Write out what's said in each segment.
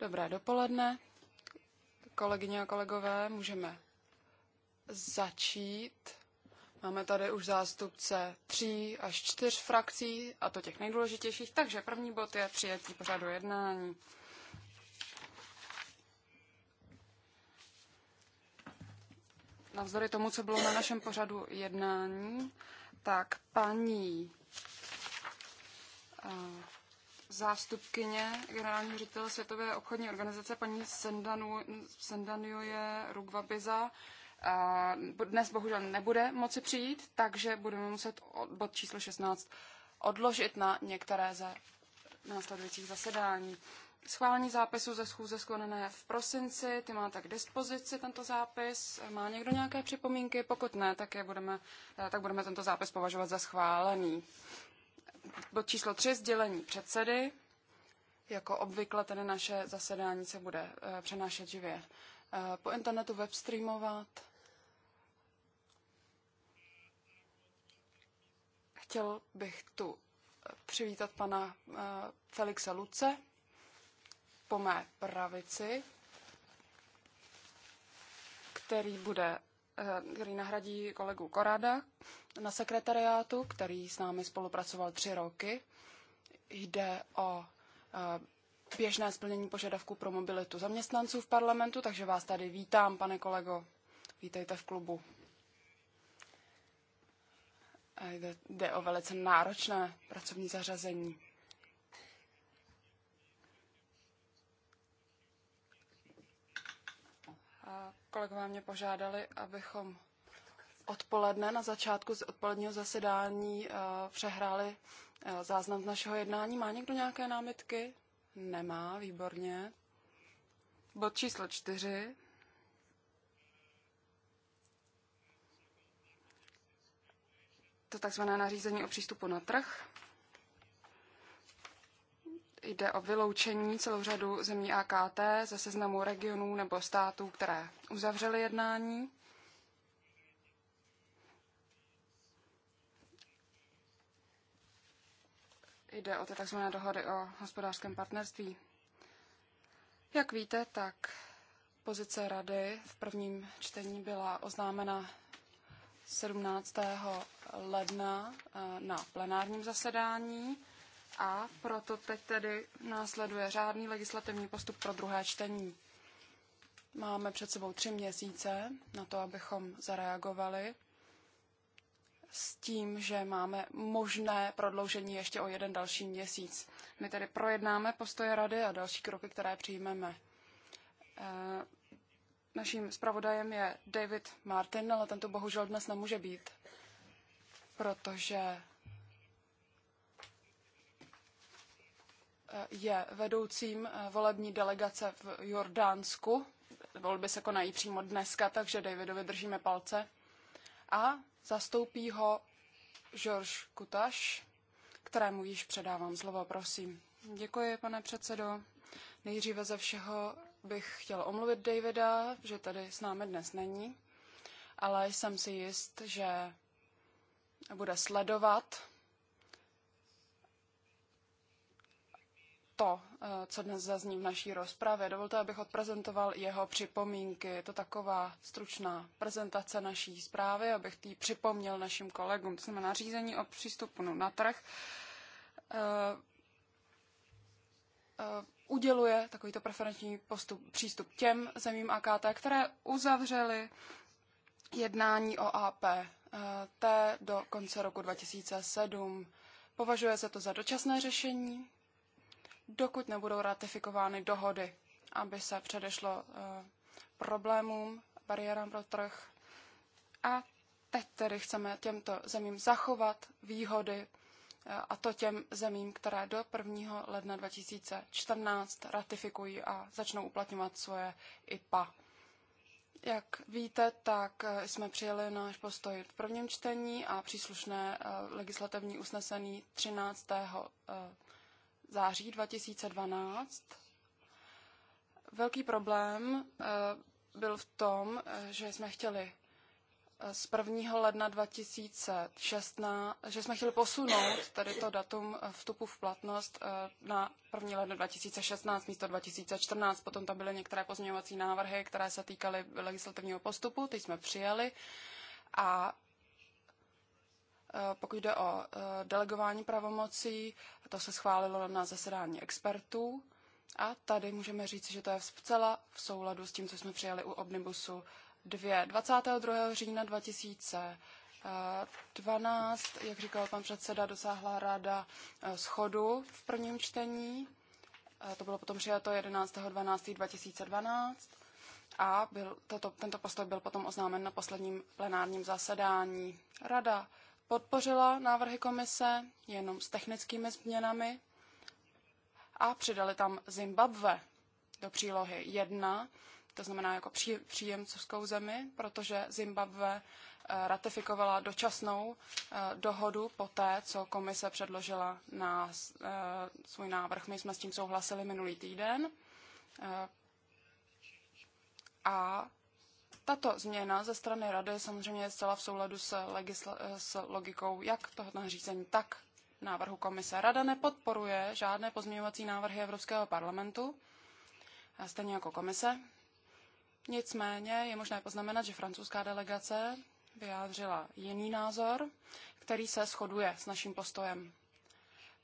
Dobré dopoledne, kolegyně a kolegové, můžeme začít. Máme tady už zástupce tří až čtyř frakcí, a to těch nejdůležitějších, takže první bod je přijetí pořadu jednání. Navzdory tomu, co bylo na našem pořadu jednání, tak paní eh, zástupkyně generálního ředitele Světové obchodní organizace paní Sendanu, Sendanuje Rugvabiza dnes bohužel nebude moci přijít, takže budeme muset bod číslo 16 odložit na některé ze následujících zasedání. Schválení zápisu ze schůze sklonené v prosinci, ty máte k dispozici tento zápis. Má někdo nějaké připomínky? Pokud ne, tak, je budeme, eh, tak budeme tento zápis považovat za schválený bod číslo 3, sdělení předsedy. Jako obvykle tedy naše zasedání se bude eh, přenášet živě eh, po internetu, webstreamovat. Chtěl bych tu eh, přivítat pana Felixa Luce po mé pravici, který bude Eh, který nahradí kolegu Korada na sekretariátu, který s námi spolupracoval tři roky. Jde o eh, běžné splnění požadavků pro mobilitu zaměstnanců v parlamentu, takže vás tady vítám, pane kolego. Vítejte v klubu. Eh, jde, jde o velice náročné pracovní zařazení. kolegové mě požádali, abychom odpoledne na začátku z odpoledního zasedání eh, přehráli eh, záznam z našeho jednání. Má někdo nějaké námitky? Nemá, výborně. Bod číslo čtyři. To takzvané nařízení o přístupu na trh jde o vyloučení celou řadu zemí AKT ze seznamu regionů nebo států, které uzavřely jednání. Jde o ty tzv. dohody o hospodářském partnerství. Jak víte, tak pozice rady v prvním čtení byla oznámena 17. ledna eh, na plenárním zasedání a proto teď tedy následuje řádný legislativní postup pro druhé čtení. Máme před sebou tři měsíce na to, abychom zareagovali s tím, že máme možné prodloužení ještě o jeden další měsíc. My tedy projednáme postoje rady a další kroky, které přijmeme. E, naším zpravodajem je David Martin, ale tento bohužel dnes nemůže být, protože je vedoucím eh, volební delegace v Jordánsku. Volby se konají přímo dneska, takže Davidovi držíme palce. A zastoupí ho George Kutaš, kterému již předávám slovo, prosím. Děkuji, pane předsedo. Nejdříve ze všeho bych chtěl omluvit Davida, že tady s námi dnes není, ale jsem si jist, že bude sledovat to, eh, co dnes zazní v naší rozpravě. Dovolte, abych odprezentoval jeho připomínky. Je to taková stručná prezentace naší zprávy, abych ji připomněl našim kolegům. To znamená řízení o přístupu na trh eh, eh, uděluje takovýto preferenční postup, přístup těm zemím AKT, které uzavřely jednání o APT do konce roku 2007. Považuje se to za dočasné řešení, dokud nebudou ratifikovány dohody, aby se předešlo eh, problémům, bariérám pro trh. A teď tedy chceme těmto zemím zachovat výhody, eh, a to těm zemím, které do 1. ledna 2014 ratifikují a začnou uplatňovat svoje IPA. Jak víte, tak eh, jsme přijeli náš postoj v prvním čtení a příslušné legislativní usnesení 13 září 2012. Velký problém eh, byl v tom, eh, že jsme chtěli eh, z 1. ledna 2016, že jsme chtěli posunout tady to datum vstupu v platnost na 1. ledna 2016 místo 2014. Potom tam byly některé pozměňovací návrhy, které se týkaly legislativního postupu, ty jsme přijali. A Eh, pokud jde o eh, delegování pravomocí, to se schválilo na zasedání expertů. A tady můžeme říct, že to je zcela v souladu s tím, co jsme přijali u Omnibusu 2. 22. října 2012, jak říkal pan předseda, dosáhla ráda eh, schodu v prvním čtení. To bylo potom přijato 11. 12. 2012 a byl, tato, tento postoj byl potom oznámen na posledním plenárním zasedání. Rada podpořila návrhy komise jenom s technickými změnami a přidali tam Zimbabwe do přílohy 1, to znamená jako pří, příjemcovskou zemi, protože Zimbabwe eh, ratifikovala dočasnou eh, dohodu po té, co komise předložila na eh, svůj návrh. My jsme s tím souhlasili minulý týden a tato změna ze strany Rady samozřejmě je zcela v souladu s, legisla- s logikou jak toho nařízení, tak návrhu komise. Rada nepodporuje žádné pozměňovací návrhy Evropského parlamentu, stejně jako komise. Nicméně je možné poznamenat, že francouzská delegace vyjádřila jiný názor, který se shoduje s naším postojem.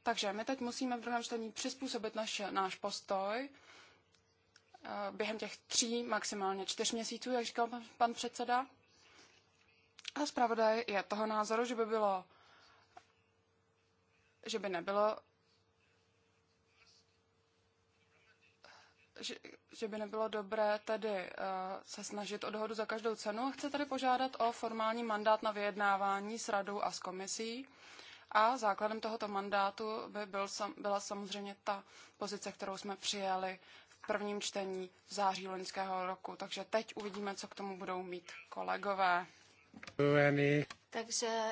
Takže my teď musíme v druhém čtení přizpůsobit naš, náš postoj Eh, během těch tří, maximálně čtyř měsíců, jak říkal pan, pan předseda. A zpravodaj je toho názoru, že by bylo, že by nebylo, že, že by nebylo dobré tedy uh, se snažit o dohodu za každou cenu. A chce tady požádat o formální mandát na vyjednávání s radou a s komisí. A základem tohoto mandátu by byl, byla samozřejmě ta pozice, kterou jsme přijali prvním čtení v září loňského roku. Takže teď uvidíme, co k tomu budou mít kolegové. Takže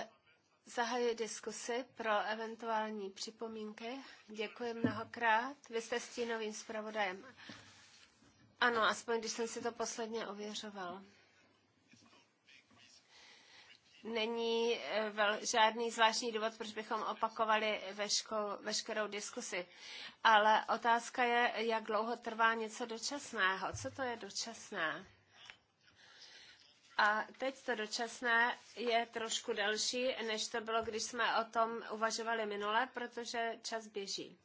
zahajuji diskusi pro eventuální připomínky. Děkuji mnohokrát. Vy jste stínovým zpravodajem. Ano, aspoň když jsem si to posledně ověřoval není eh, žádný zvláštní důvod, proč bychom opakovali veško- veškerou diskusi. Ale otázka je, jak dlouho trvá něco dočasného. Co to je dočasné? A teď to dočasné je trošku delší, než to bylo, když jsme o tom uvažovali minule, protože čas běží.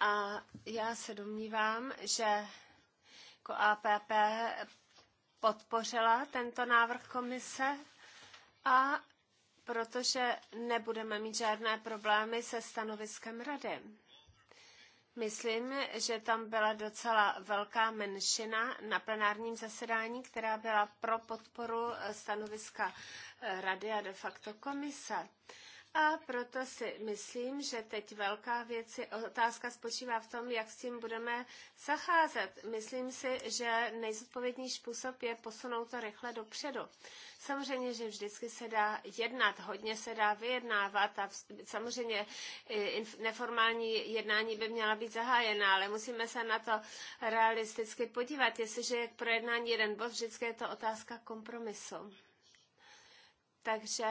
A já se domnívám, že jako APP podpořila tento návrh komise a protože nebudeme mít žádné problémy se stanoviskem rady. Myslím, že tam byla docela velká menšina na plenárním zasedání, která byla pro podporu stanoviska rady a de facto komise. A proto si myslím, že teď velká věc je, otázka spočívá v tom, jak s tím budeme zacházet. Myslím si, že nejzodpovědnější způsob je posunout to rychle dopředu. Samozřejmě, že vždycky se dá jednat, hodně se dá vyjednávat a samozřejmě neformální jednání by měla být zahájena, ale musíme se na to realisticky podívat. Jestliže je k projednání jeden bod, vždycky je to otázka kompromisu. Takže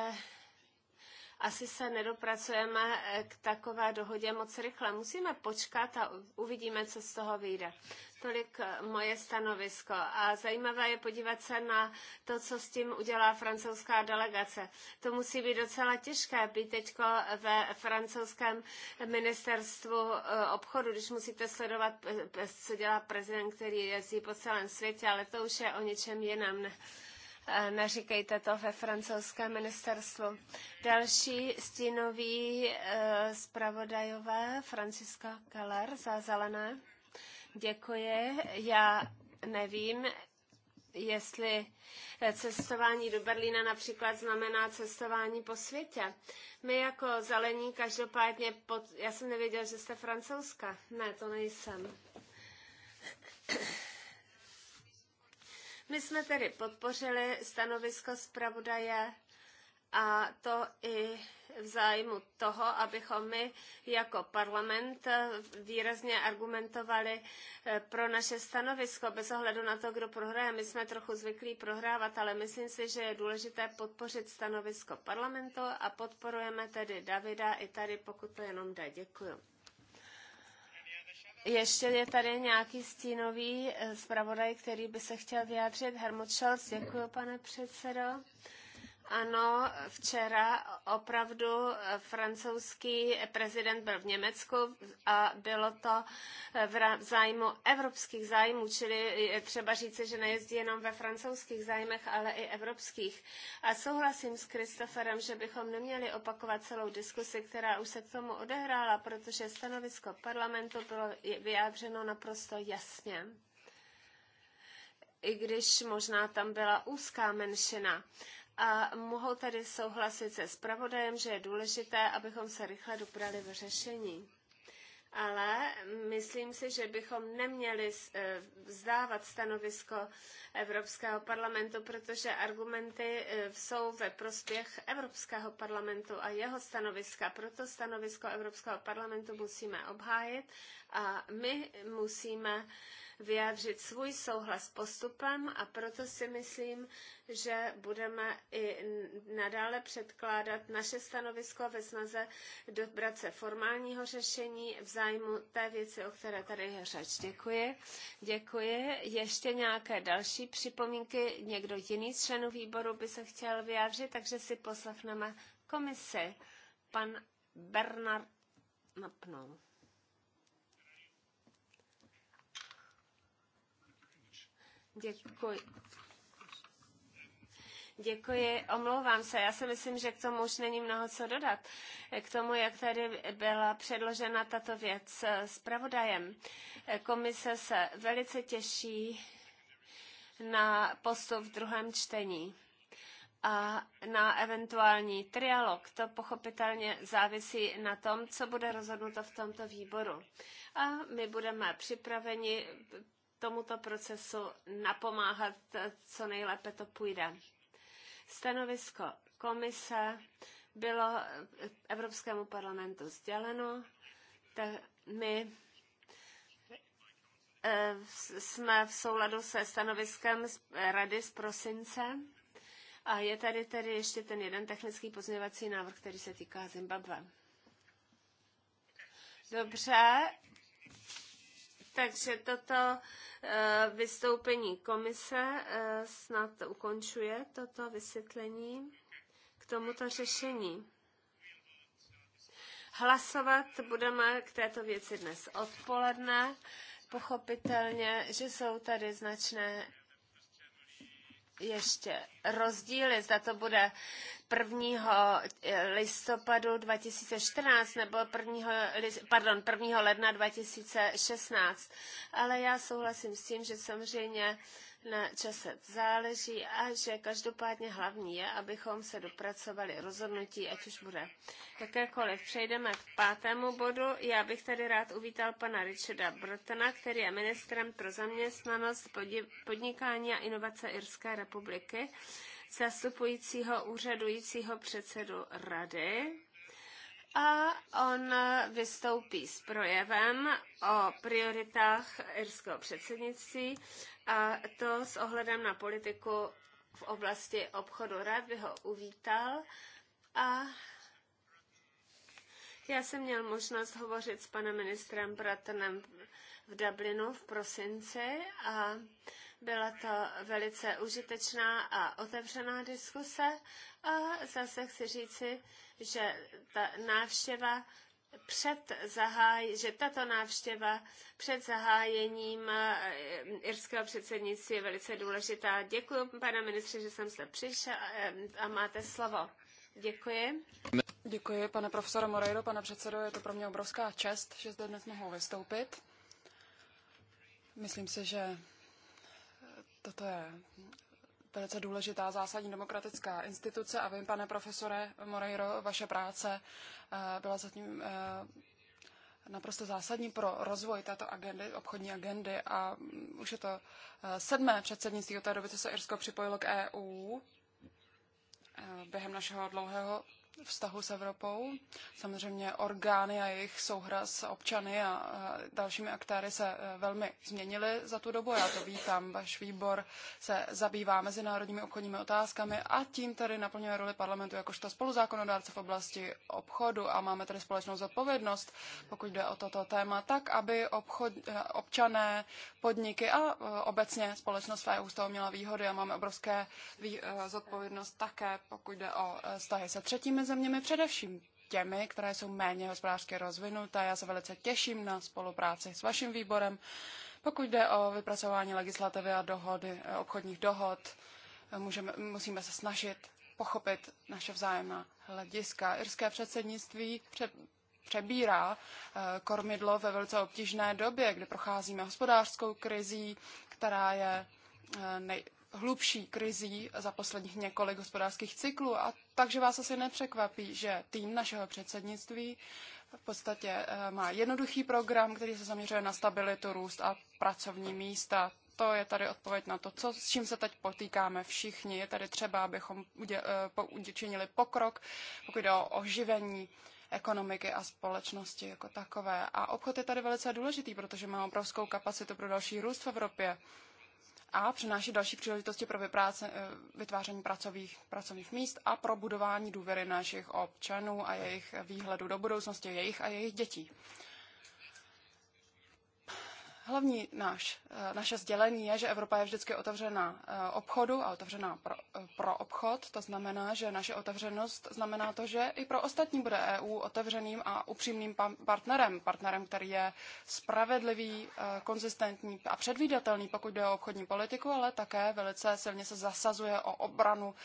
asi se nedopracujeme eh, k takové dohodě moc rychle. Musíme počkat a uvidíme, co z toho vyjde. Tolik eh, moje stanovisko. A zajímavé je podívat se na to, co s tím udělá francouzská delegace. To musí být docela těžké být teď ve francouzském ministerstvu eh, obchodu, když musíte sledovat, co dělá prezident, který jezdí po celém světě, ale to už je o něčem jiném. Eh, neříkejte to ve francouzském ministerstvu. Další stínový eh, zpravodajové Franciska Keller za zelené. Děkuji. Já nevím, jestli eh, cestování do Berlína například znamená cestování po světě. My jako zelení každopádně, pod... já jsem nevěděla, že jste francouzska. Ne, to nejsem. My jsme tedy podpořili stanovisko zpravodaje a to i v zájmu toho, abychom my jako parlament výrazně argumentovali eh, pro naše stanovisko, bez ohledu na to, kdo prohraje. My jsme trochu zvyklí prohrávat, ale myslím si, že je důležité podpořit stanovisko parlamentu a podporujeme tedy Davida i tady, pokud to jenom jde. Děkuji. Ještě je tady nějaký stínový eh, zpravodaj, který by se chtěl vyjádřit. Hermut Scholz, děkuji, pane předsedo. Ano, včera opravdu francouzský prezident byl v Německu a bylo to v zájmu evropských zájmů, čili je třeba říci, že nejezdí jenom ve francouzských zájmech, ale i evropských. A souhlasím s Kristoferem, že bychom neměli opakovat celou diskusi, která už se k tomu odehrála, protože stanovisko parlamentu bylo vyjádřeno naprosto jasně i když možná tam byla úzká menšina a mohou tady souhlasit se zpravodajem, že je důležité, abychom se rychle doprali v řešení. Ale myslím si, že bychom neměli e, vzdávat stanovisko Evropského parlamentu, protože argumenty e, jsou ve prospěch Evropského parlamentu a jeho stanoviska. Proto stanovisko Evropského parlamentu musíme obhájit a my musíme vyjádřit svůj souhlas postupem a proto si myslím, že budeme i nadále předkládat naše stanovisko ve snaze dobrat se formálního řešení v zájmu té věci, o které tady je řeč. Děkuji. Děkuji. Ještě nějaké další připomínky? Někdo jiný z členů výboru by se chtěl vyjádřit, takže si poslechneme komisi. Pan Bernard Napnou. Děkuji. Děkuji, omlouvám se. Já si myslím, že k tomu už není mnoho co dodat. K tomu, jak tady byla předložena tato věc s eh, pravodajem. Eh, komise se velice těší na postup v druhém čtení a na eventuální trialog. To pochopitelně závisí na tom, co bude rozhodnuto v tomto výboru. A my budeme připraveni tomuto procesu napomáhat, co nejlépe to půjde. Stanovisko komise bylo Evropskému parlamentu sděleno, tak my e, jsme v souladu se stanoviskem Rady z prosince a je tady tedy ještě ten jeden technický pozměňovací návrh, který se týká Zimbabwe. Dobře, takže toto eh, vystoupení komise eh, snad ukončuje toto vysvětlení k tomuto řešení. Hlasovat budeme k této věci dnes odpoledne. Pochopitelně, že jsou tady značné ještě rozdíly, zda to bude 1. Eh, listopadu 2014 nebo 1. pardon, 1. ledna 2016. Ale já souhlasím s tím, že samozřejmě na čase záleží a že každopádně hlavní je, abychom se dopracovali rozhodnutí, ať už bude jakékoliv. Přejdeme k pátému bodu. Já bych tady rád uvítal pana Richarda Brotona, který je ministrem pro zaměstnanost, podnikání a inovace Irské republiky, zastupujícího úřadujícího předsedu rady a on vystoupí s projevem o prioritách irského předsednictví a to s ohledem na politiku v oblasti obchodu. Rád bych ho uvítal a já jsem měl možnost hovořit s panem ministrem Bratanem v Dublinu v prosinci a byla to velice užitečná a otevřená diskuse a zase chci říci, že ta návštěva před zaháj, že tato návštěva před zahájením eh, irského předsednictví je velice důležitá. Děkuji, pane ministře, že jsem se přišel eh, a máte slovo. Děkuji. Děkuji, pane profesore Moreiro, pane předsedo, je to pro mě obrovská čest, že zde dnes mohu vystoupit. Myslím si, že Toto je velice důležitá zásadní demokratická instituce a vím, pane profesore Moreiro, vaše práce eh, byla zatím eh, naprosto zásadní pro rozvoj této agendy, obchodní agendy a mm, už je to eh, sedmé předsednictví od té doby, co se Irsko připojilo k EU. Během našeho dlouhého vztahu s Evropou. Samozřejmě orgány a jejich souhra s občany a dalšími aktéry se e, velmi změnily za tu dobu. Já to vítám. Váš výbor se zabývá mezinárodními obchodními otázkami a tím tedy naplňuje roli parlamentu jakožto spoluzákonodárce v oblasti obchodu a máme tedy společnou zodpovědnost, pokud jde o toto téma, tak, aby obchod, e, občané, podniky a e, obecně společnost své ústavu měla výhody a máme obrovské zodpovědnost také, pokud jde o vztahy se třetími těmi zeměmi, především těmi, které jsou méně hospodářsky rozvinuté. Já se velice těším na spolupráci s vaším výborem, pokud jde o vypracování legislativy a dohody, eh, obchodních dohod. Eh, můžeme, musíme se snažit pochopit naše vzájemná hlediska. Irské předsednictví přebírá eh, kormidlo ve velice obtížné době, kdy procházíme hospodářskou krizí, která je nej, hlubší krizí za posledních několik hospodářských cyklů. A takže vás asi nepřekvapí, že tým našeho předsednictví v podstatě eh, má jednoduchý program, který se zaměřuje na stabilitu, růst a pracovní místa. To je tady odpověď na to, co, s čím se teď potýkáme všichni. Je tady třeba, abychom učinili eh, pokrok, pokud jde o oživení ekonomiky a společnosti jako takové. A obchod je tady velice důležitý, protože má obrovskou kapacitu pro další růst v Evropě a přinášet další příležitosti pro vypráce, eh, vytváření pracových, pracovních míst a pro budování důvěry našich občanů a jejich výhledu do budoucnosti, jejich a jejich dětí. Hlavní náš, eh, naše sdělení je, že Evropa je vždycky otevřená eh, obchodu a otevřená pro, eh, pro obchod. To znamená, že naše otevřenost znamená to, že i pro ostatní bude EU otevřeným a upřímným partnerem. Partnerem, který je spravedlivý, konzistentní a předvídatelný, pokud jde o obchodní politiku, ale také velice silně se zasazuje o obranu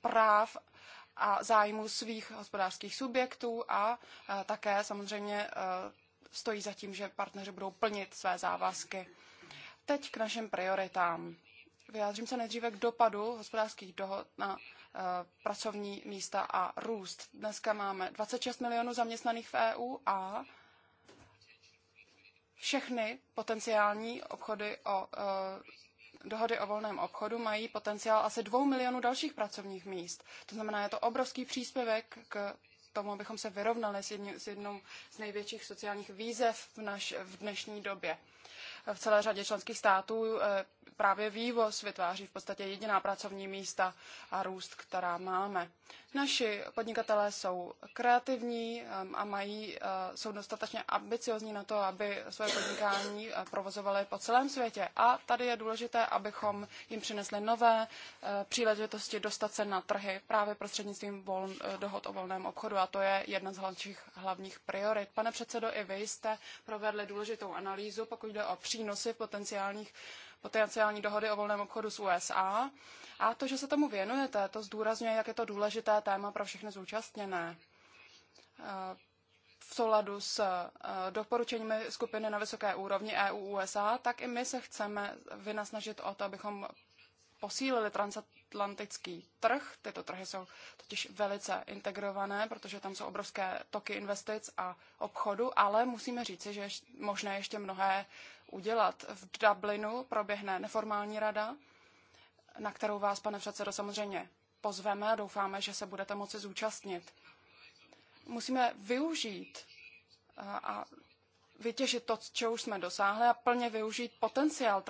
práv a zájmu svých hospodářských subjektů a také samozřejmě stojí za tím, že partneři budou plnit své závazky. Teď k našim prioritám. Vyjádřím se nejdříve k dopadu hospodářských dohod na eh, pracovní místa a růst. Dneska máme 26 milionů zaměstnaných v EU a všechny potenciální obchody o eh, dohody o volném obchodu mají potenciál asi dvou milionů dalších pracovních míst. To znamená, je to obrovský příspěvek k tomu, abychom se vyrovnali s, jedním, s jednou z největších sociálních výzev v, naš, v dnešní době. V celé řadě členských států eh, právě vývoz vytváří v podstatě jediná pracovní místa a růst, která máme. Naši podnikatelé jsou kreativní um, a mají, uh, jsou dostatečně ambiciozní na to, aby své podnikání uh, provozovali po celém světě. A tady je důležité, abychom jim přinesli nové uh, příležitosti dostat se na trhy právě prostřednictvím voln, dohod o volném obchodu. A to je jedna z hlavních, hlavních priorit. Pane předsedo, i vy jste provedli důležitou analýzu, pokud jde o přínosy potenciálních potenciální dohody o volném obchodu s USA. A to, že se tomu věnujete, to zdůrazňuje, jak je to důležité téma pro všechny zúčastněné. Eh, v souladu s eh, doporučeními skupiny na vysoké úrovni EU-USA, tak i my se chceme vynasnažit o to, abychom posílili transatlantický trh. Tyto trhy jsou totiž velice integrované, protože tam jsou obrovské toky investic a obchodu, ale musíme říci, že je možné ještě mnohé udělat. V Dublinu proběhne neformální rada, na kterou vás, pane předsedo, samozřejmě pozveme a doufáme, že se budete moci zúčastnit. Musíme využít a vytěžit to, čeho už jsme dosáhli a plně využít potenciál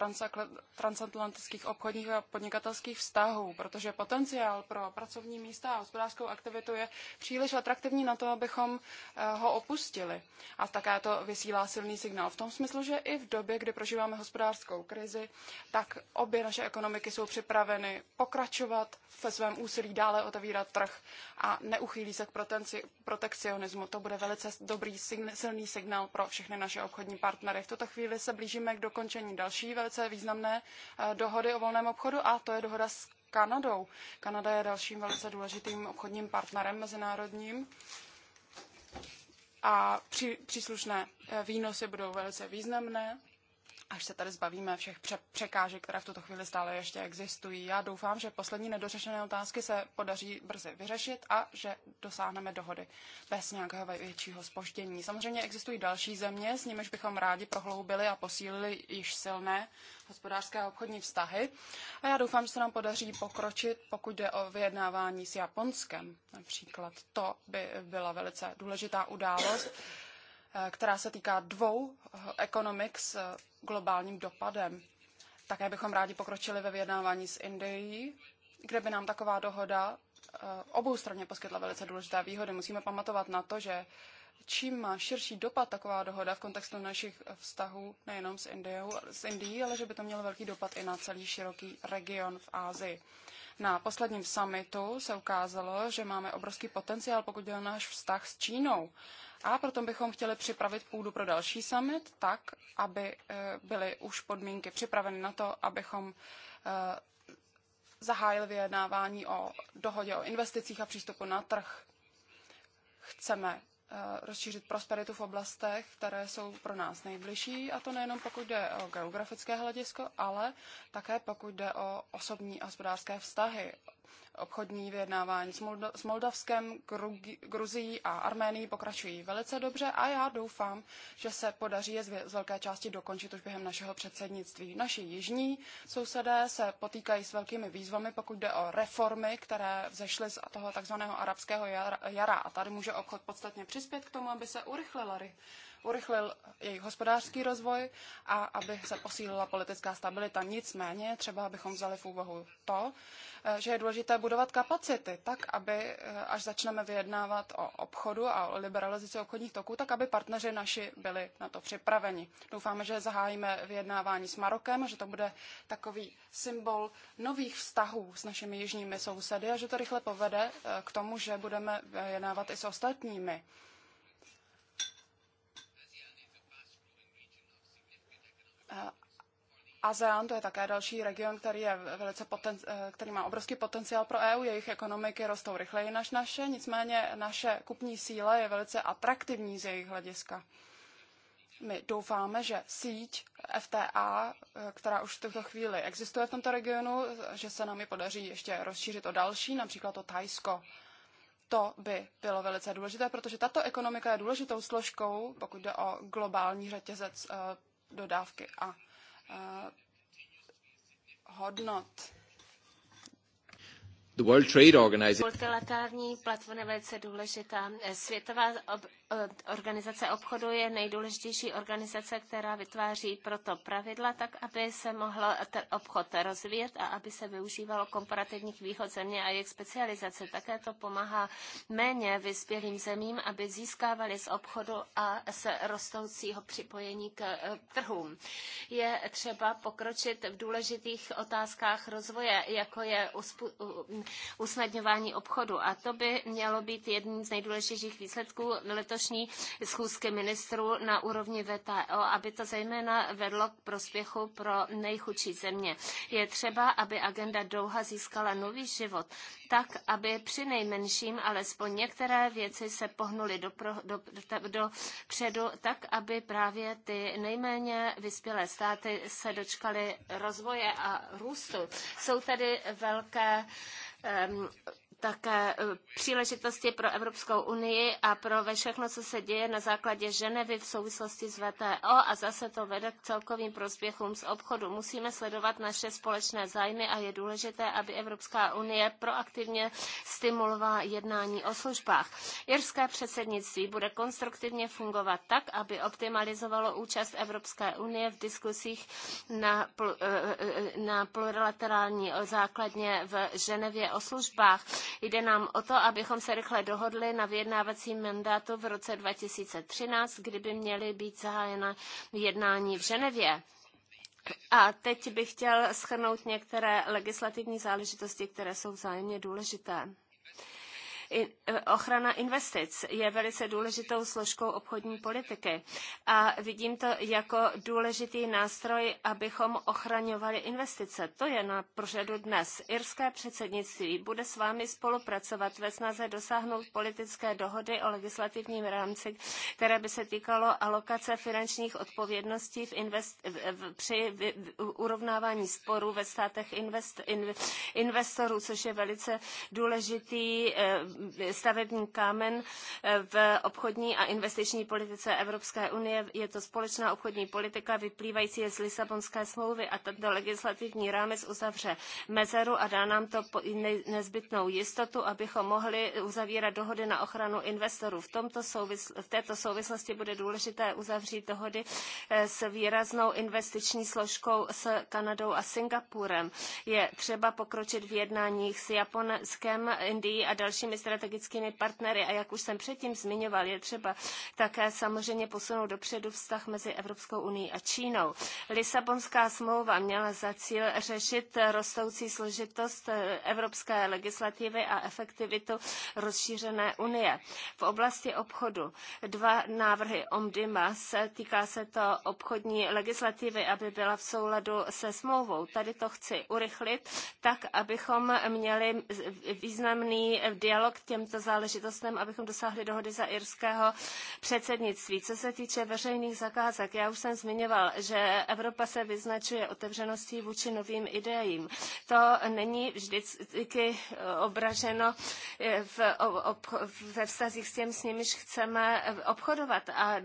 transatlantických obchodních a podnikatelských vztahů, protože potenciál pro pracovní místa a hospodářskou aktivitu je příliš atraktivní na to, abychom eh, ho opustili. A také to vysílá silný signál v tom smyslu, že i v době, kdy prožíváme hospodářskou krizi, tak obě naše ekonomiky jsou připraveny pokračovat ve svém úsilí dále otevírat trh a neuchýlí se k protekcionismu. To bude velice dobrý, silný signál pro všechny naše obchodní partnery. V tuto chvíli se blížíme k dokončení další velice významné eh, dohody o volném obchodu a to je dohoda s Kanadou. Kanada je dalším velice důležitým obchodním partnerem mezinárodním a příslušné eh, výnosy budou velice významné až se tady zbavíme všech překážek, které v tuto chvíli stále ještě existují. Já doufám, že poslední nedořešené otázky se podaří brzy vyřešit a že dosáhneme dohody bez nějakého většího spoždění. Samozřejmě existují další země, s nimiž bychom rádi prohloubili a posílili již silné hospodářské a obchodní vztahy. A já doufám, že se nám podaří pokročit, pokud jde o vyjednávání s Japonskem. Například to by byla velice důležitá událost eh, která se týká dvou eh, ekonomik s globálním dopadem. Také bychom rádi pokročili ve vyjednávání s Indií, kde by nám taková dohoda eh, obou straně poskytla velice důležité výhody. Musíme pamatovat na to, že čím má širší dopad taková dohoda v kontextu našich vztahů nejenom s Indií, ale že by to mělo velký dopad i na celý široký region v Ázii. Na posledním summitu se ukázalo, že máme obrovský potenciál, pokud jde o náš vztah s Čínou. A proto bychom chtěli připravit půdu pro další summit tak, aby eh, byly už podmínky připraveny na to, abychom eh, zahájili vyjednávání o dohodě o investicích a přístupu na trh. Chceme Eh, rozšířit prosperitu v oblastech, které jsou pro nás nejbližší, a to nejenom pokud jde o geografické hledisko, ale také pokud jde o osobní a hospodářské vztahy, Obchodní vyjednávání s Moldavskem, Gruzií a Arménií pokračují velice dobře a já doufám, že se podaří je z velké části dokončit už během našeho předsednictví. Naši jižní sousedé se potýkají s velkými výzvami, pokud jde o reformy, které vzešly z toho takzvaného arabského jara a tady může obchod podstatně přispět k tomu, aby se urychlila urychlil jejich hospodářský rozvoj a aby se posílila politická stabilita. Nicméně třeba abychom vzali v úvahu to, eh, že je důležité budovat kapacity, tak aby, eh, až začneme vyjednávat o obchodu a o liberalizaci obchodních toků, tak aby partneři naši byli na to připraveni. Doufáme, že zahájíme vyjednávání s Marokem, že to bude takový symbol nových vztahů s našimi jižními sousedy a že to rychle povede eh, k tomu, že budeme vyjednávat i s ostatními. ASEAN, to je také další region, který, je velice poten, eh, který má obrovský potenciál pro EU, jejich ekonomiky rostou rychleji než naše, nicméně naše kupní síla je velice atraktivní z jejich hlediska. My doufáme, že síť FTA, eh, která už v tuto chvíli existuje v tomto regionu, že se nám ji podaří ještě rozšířit o další, například o Tajsko. To by bylo velice důležité, protože tato ekonomika je důležitou složkou, pokud jde o globální řetězec eh, dodávky a Eh, hodnot. Multilaterální platforma je velice důležitá. Světová ob, organizace obchodu je nejdůležitější organizace, která vytváří proto pravidla, tak aby se mohl ten obchod rozvíjet a aby se využívalo komparativních výhod země a jejich specializace. Také to pomáhá méně vyspělým zemím, aby získávali z obchodu a z rostoucího připojení k eh, trhům. Je třeba pokročit v důležitých otázkách rozvoje, jako je usnadňování obchodu. A to by mělo být jedním z nejdůležitějších výsledků letošní schůzky ministrů na úrovni VTO, aby to zejména vedlo k prospěchu pro nejchudší země. Je třeba, aby agenda Douha získala nový život, tak, aby při nejmenším alespoň některé věci se pohnuly do, pro, do, do, předu, tak, aby právě ty nejméně vyspělé státy se dočkaly rozvoje a růstu. Jsou tedy velké yym ehm, také e, příležitosti pro Evropskou unii a pro ve všechno, co se děje na základě Ženevy v souvislosti s VTO a zase to vede k celkovým prospěchům z obchodu. Musíme sledovat naše společné zájmy a je důležité, aby Evropská unie proaktivně stimulovala jednání o službách. Irské předsednictví bude konstruktivně fungovat tak, aby optimalizovalo účast Evropské unie v diskusích na, e, e, na plurilaterální základně v Ženevě o službách Jde nám o to, abychom se rychle dohodli na vyjednávacím mandátu v roce 2013, kdyby měly být zahájena jednání v Ženevě. A teď bych chtěl schrnout některé legislativní záležitosti, které jsou vzájemně důležité. E, ochrana investic je velice důležitou složkou obchodní politiky a vidím to jako důležitý nástroj, abychom ochraňovali investice. To je na pořadu dnes. Irské předsednictví bude s vámi spolupracovat ve snaze dosáhnout politické dohody o legislativním rámci, které by se týkalo alokace finančních odpovědností v invest, v, při v, v, urovnávání sporů ve státech invest, in, investorů, což je velice důležitý e, stavební kámen eh, v obchodní a investiční politice Evropské unie. Je to společná obchodní politika vyplývající z Lisabonské smlouvy a tento legislativní rámec uzavře mezeru a dá nám to nezbytnou jistotu, abychom mohli uzavírat dohody na ochranu investorů. V, tomto souvisl- v této souvislosti bude důležité uzavřít dohody eh, s výraznou investiční složkou s Kanadou a Singapurem. Je třeba pokročit v jednáních s Japonskem, Indií a dalšími strategickými partnery. A jak už jsem předtím zmiňoval, je třeba také samozřejmě posunout dopředu vztah mezi Evropskou unii a Čínou. Lisabonská smlouva měla za cíl řešit rostoucí složitost evropské legislativy a efektivitu rozšířené unie. V oblasti obchodu dva návrhy OMDIMAS, týká se to obchodní legislativy, aby byla v souladu se smlouvou. Tady to chci urychlit tak, abychom měli významný dialog k těmto záležitostem, abychom dosáhli dohody za irského předsednictví. Co se týče veřejných zakázek, já už jsem zmiňoval, že Evropa se vyznačuje otevřeností vůči novým idejím. To není vždycky obraženo eh, v, ob, ve vztazích s těm, s nimiž chceme obchodovat. A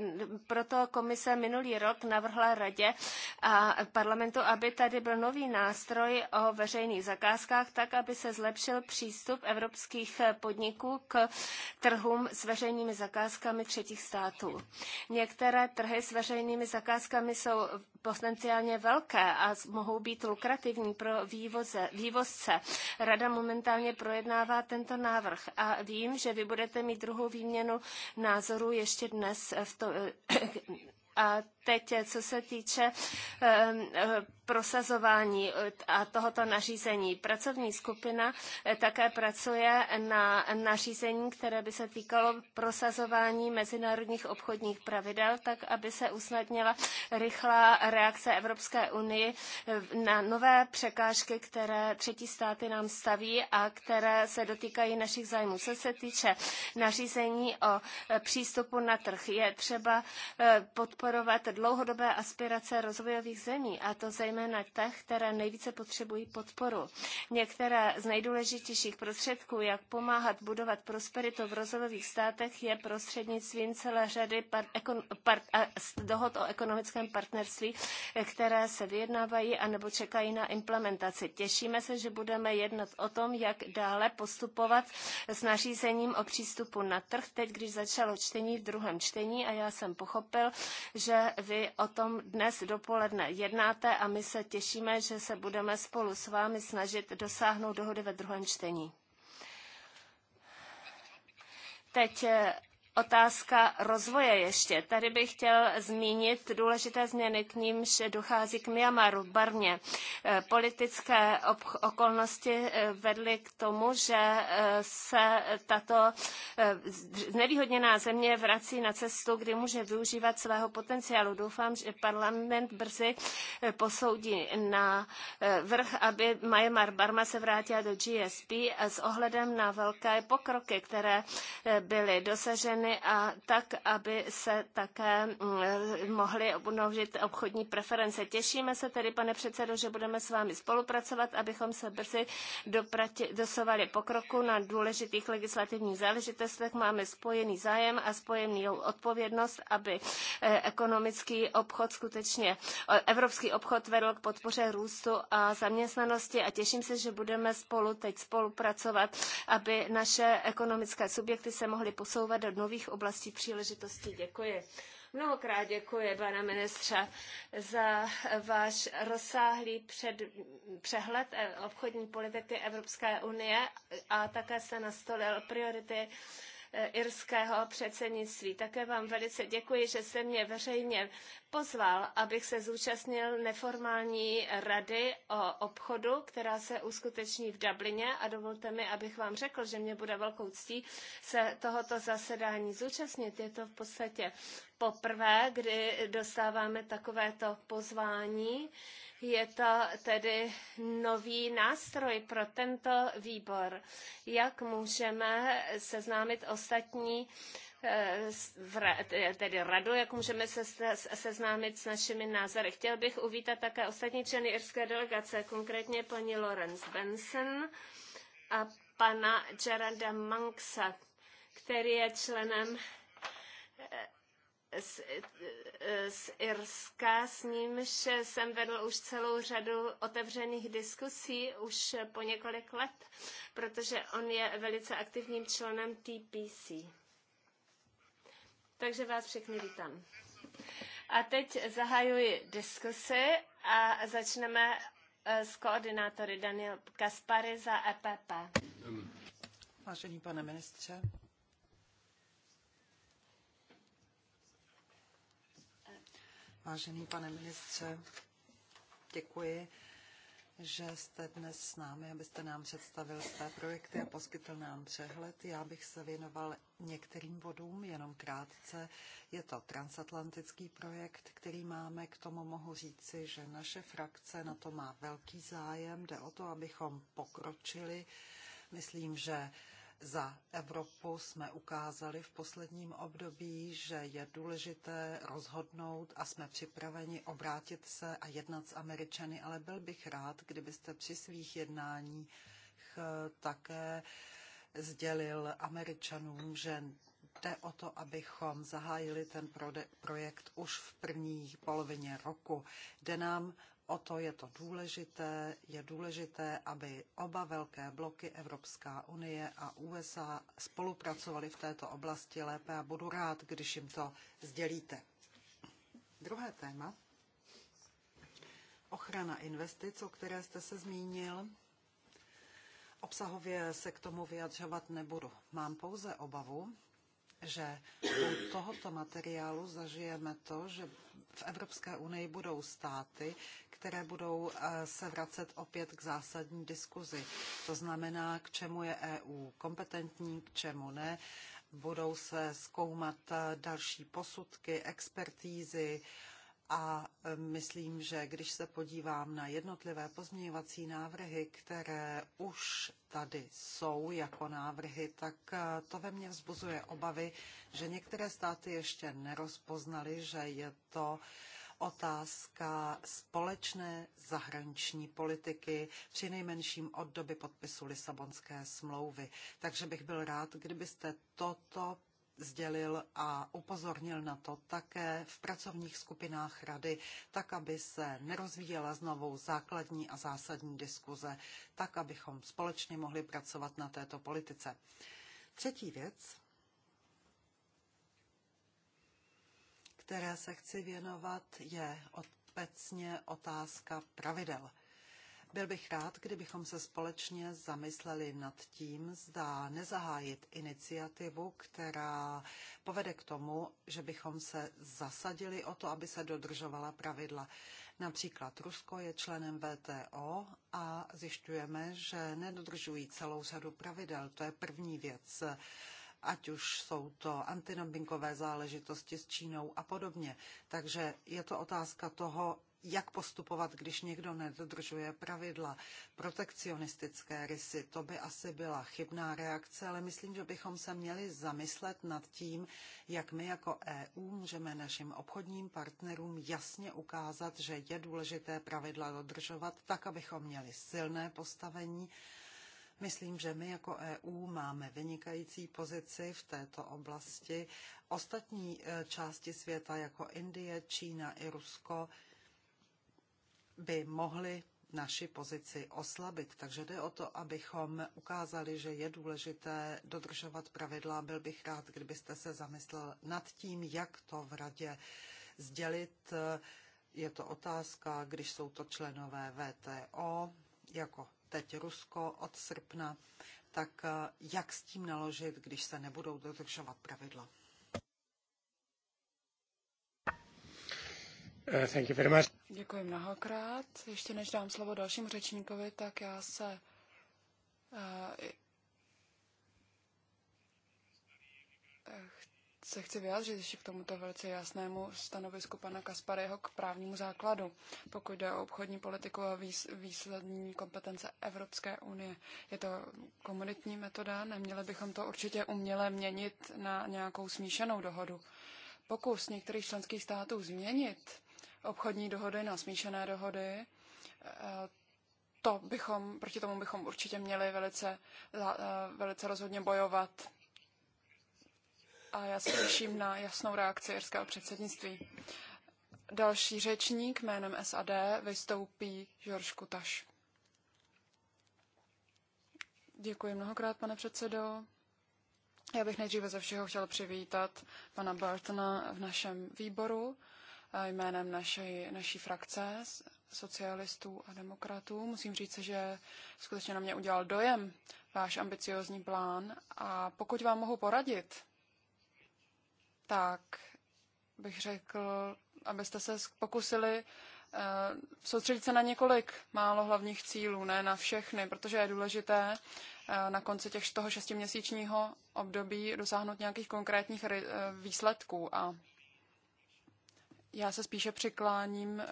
proto komise minulý rok navrhla radě a parlamentu, aby tady byl nový nástroj o veřejných zakázkách, tak, aby se zlepšil přístup evropských podniků podniků k trhům s veřejnými zakázkami třetích států. Některé trhy s veřejnými zakázkami jsou potenciálně velké a mohou být lukrativní pro vývoze, vývozce. Rada momentálně projednává tento návrh a vím, že vy budete mít druhou výměnu názorů ještě dnes v to, a teď, co se týče eh, eh, prosazování eh, a tohoto nařízení. Pracovní skupina eh, také pracuje na nařízení, které by se týkalo prosazování mezinárodních obchodních pravidel, tak aby se usnadnila rychlá reakce Evropské unie eh, na nové překážky, které třetí státy nám staví a které se dotýkají našich zájmů. Co se týče nařízení o přístupu na trh, je třeba podporovat dlouhodobé aspirace rozvojových zemí, a to zejména zejména těch, které nejvíce potřebují podporu. Některé z nejdůležitějších prostředků, jak pomáhat budovat prosperitu v rozvojových státech, je prostřednictvím celé řady par- ekon- par- dohod o ekonomickém partnerství, které se vyjednávají anebo čekají na implementaci. Těšíme se, že budeme jednat o tom, jak dále postupovat s nařízením o přístupu na trh, teď, když začalo čtení v druhém čtení a já jsem pochopil, že vy o tom dnes dopoledne jednáte a my se těšíme, že se budeme spolu s vámi snažit dosáhnout dohody ve druhém čtení. Teď eh, Otázka rozvoje ještě. Tady bych chtěl zmínit důležité změny, k že dochází k Myanmaru v Barmě. Eh, politické okolnosti eh, vedly k tomu, že eh, se tato znevýhodněná země vrací na cestu, kdy může využívat svého potenciálu. Doufám, že parlament brzy posoudí na vrch, aby Myanmar Barma se vrátila do GSP s ohledem na velké pokroky, které byly dosaženy ceny a tak, aby se také mm, mohly obnovit obchodní preference. Těšíme se tedy, pane předsedo, že budeme s vámi spolupracovat, abychom se brzy dosovali pokroku na důležitých legislativních záležitostech. Máme spojený zájem a spojený odpovědnost, aby eh, ekonomický obchod skutečně, eh, evropský obchod vedl k podpoře růstu a zaměstnanosti a těším se, že budeme spolu teď spolupracovat, aby naše ekonomické subjekty se mohly posouvat do nových nových oblastí příležitostí. Děkuji. Mnohokrát děkuji, pana ministře, za váš rozsáhlý před, přehled e, obchodní politiky Evropské unie a také se nastolil priority e, irského předsednictví. Také vám velice děkuji, že jste mě veřejně pozval, abych se zúčastnil neformální rady o obchodu, která se uskuteční v Dublině a dovolte mi, abych vám řekl, že mě bude velkou ctí se tohoto zasedání zúčastnit. Je to v podstatě poprvé, kdy dostáváme takovéto pozvání. Je to tedy nový nástroj pro tento výbor. Jak můžeme seznámit ostatní Eh, eh, tedy radu, jak můžeme se seznámit s našimi názory. Chtěl bych uvítat také ostatní členy irské delegace, konkrétně paní Lawrence Benson a pana Gerarda Manxa, který je členem z, eh, z Irska, s že jsem vedl už celou řadu otevřených diskusí už po několik let, protože on je velice aktivním členem TPC. Takže vás všechny vítám. A teď zahajuji diskusi a začneme eh, s koordinátory Daniel Kaspary za EPP. Vážený pane ministře, Vážený pane ministře, děkuji že jste dnes s námi, abyste nám představil své projekty a poskytl nám přehled. Já bych se věnoval některým bodům, jenom krátce. Je to transatlantický projekt, který máme. K tomu mohu říci, že naše frakce na to má velký zájem. Jde o to, abychom pokročili. Myslím, že za Evropu jsme ukázali v posledním období, že je důležité rozhodnout a jsme připraveni obrátit se a jednat s Američany, ale byl bych rád, kdybyste při svých jednáních eh, také sdělil Američanům, že jde o to, abychom zahájili ten projekt už v první polovině roku. Jde nám O to je to důležité. Je důležité, aby oba velké bloky Evropská unie a USA spolupracovaly v této oblasti lépe a budu rád, když jim to sdělíte. Druhé téma. Ochrana investic, o které jste se zmínil. Obsahově se k tomu vyjadřovat nebudu. Mám pouze obavu, že u tohoto materiálu zažijeme to, že v Evropské unii budou státy, které budou eh, se vracet opět k zásadní diskuzi. To znamená, k čemu je EU kompetentní, k čemu ne. Budou se zkoumat eh, další posudky, expertízy, a e, myslím, že když se podívám na jednotlivé pozměňovací návrhy, které už tady jsou jako návrhy, tak e, to ve mně vzbuzuje obavy, že některé státy ještě nerozpoznaly, že je to otázka společné zahraniční politiky, při nejmenším od doby podpisu Lisabonské smlouvy. Takže bych byl rád, kdybyste toto sdělil a upozornil na to také v pracovních skupinách rady, tak aby se nerozvíjela znovu základní a zásadní diskuze, tak abychom společně mohli pracovat na této politice. Třetí věc, které se chci věnovat, je obecně otázka pravidel – byl bych rád, kdybychom se společně zamysleli nad tím, zda nezahájit iniciativu, která povede k tomu, že bychom se zasadili o to, aby se dodržovala pravidla. Například Rusko je členem VTO a zjišťujeme, že nedodržují celou řadu pravidel. To je první věc ať už jsou to antinobinkové záležitosti s Čínou a podobně. Takže je to otázka toho, jak postupovat, když někdo nedodržuje pravidla. Protekcionistické rysy, to by asi byla chybná reakce, ale myslím, že bychom se měli zamyslet nad tím, jak my jako EU můžeme našim obchodním partnerům jasně ukázat, že je důležité pravidla dodržovat, tak, abychom měli silné postavení Myslím, že my jako EU máme vynikající pozici v této oblasti. Ostatní e, části světa jako Indie, Čína i Rusko by mohly naši pozici oslabit. Takže jde o to, abychom ukázali, že je důležité dodržovat pravidla. Byl bych rád, kdybyste se zamyslel nad tím, jak to v radě sdělit. Je to otázka, když jsou to členové VTO, jako teď Rusko od srpna, tak jak s tím naložit, když se nebudou dodržovat pravidla. Uh, Děkuji mnohokrát. Ještě než dám slovo dalšímu řečníkovi, tak já se uh, se chci vyjádřit ještě k tomuto velice jasnému stanovisku pana Kaspareho k právnímu základu, pokud jde o obchodní politiku a výslední kompetence Evropské unie. Je to komunitní metoda, neměli bychom to určitě uměle měnit na nějakou smíšenou dohodu. Pokus některých členských států změnit obchodní dohody na smíšené dohody. E, to bychom, proti tomu bychom určitě měli velice, e, velice rozhodně bojovat. A já se těším na jasnou reakci irského předsednictví. Další řečník jménem SAD vystoupí George Kutaš. Děkuji mnohokrát, pane předsedo. Já bych nejdříve ze všeho chtěl přivítat pana Bartona v našem výboru jménem naší, naší frakce socialistů a demokratů. Musím říct, že skutečně na mě udělal dojem váš ambiciozní plán a pokud vám mohu poradit, tak bych řekl, abyste se pokusili eh, soustředit se na několik málo hlavních cílů, ne na všechny, protože je důležité eh, na konci těch toho šestiměsíčního období dosáhnout nějakých konkrétních eh, výsledků a já se spíše přikláním eh,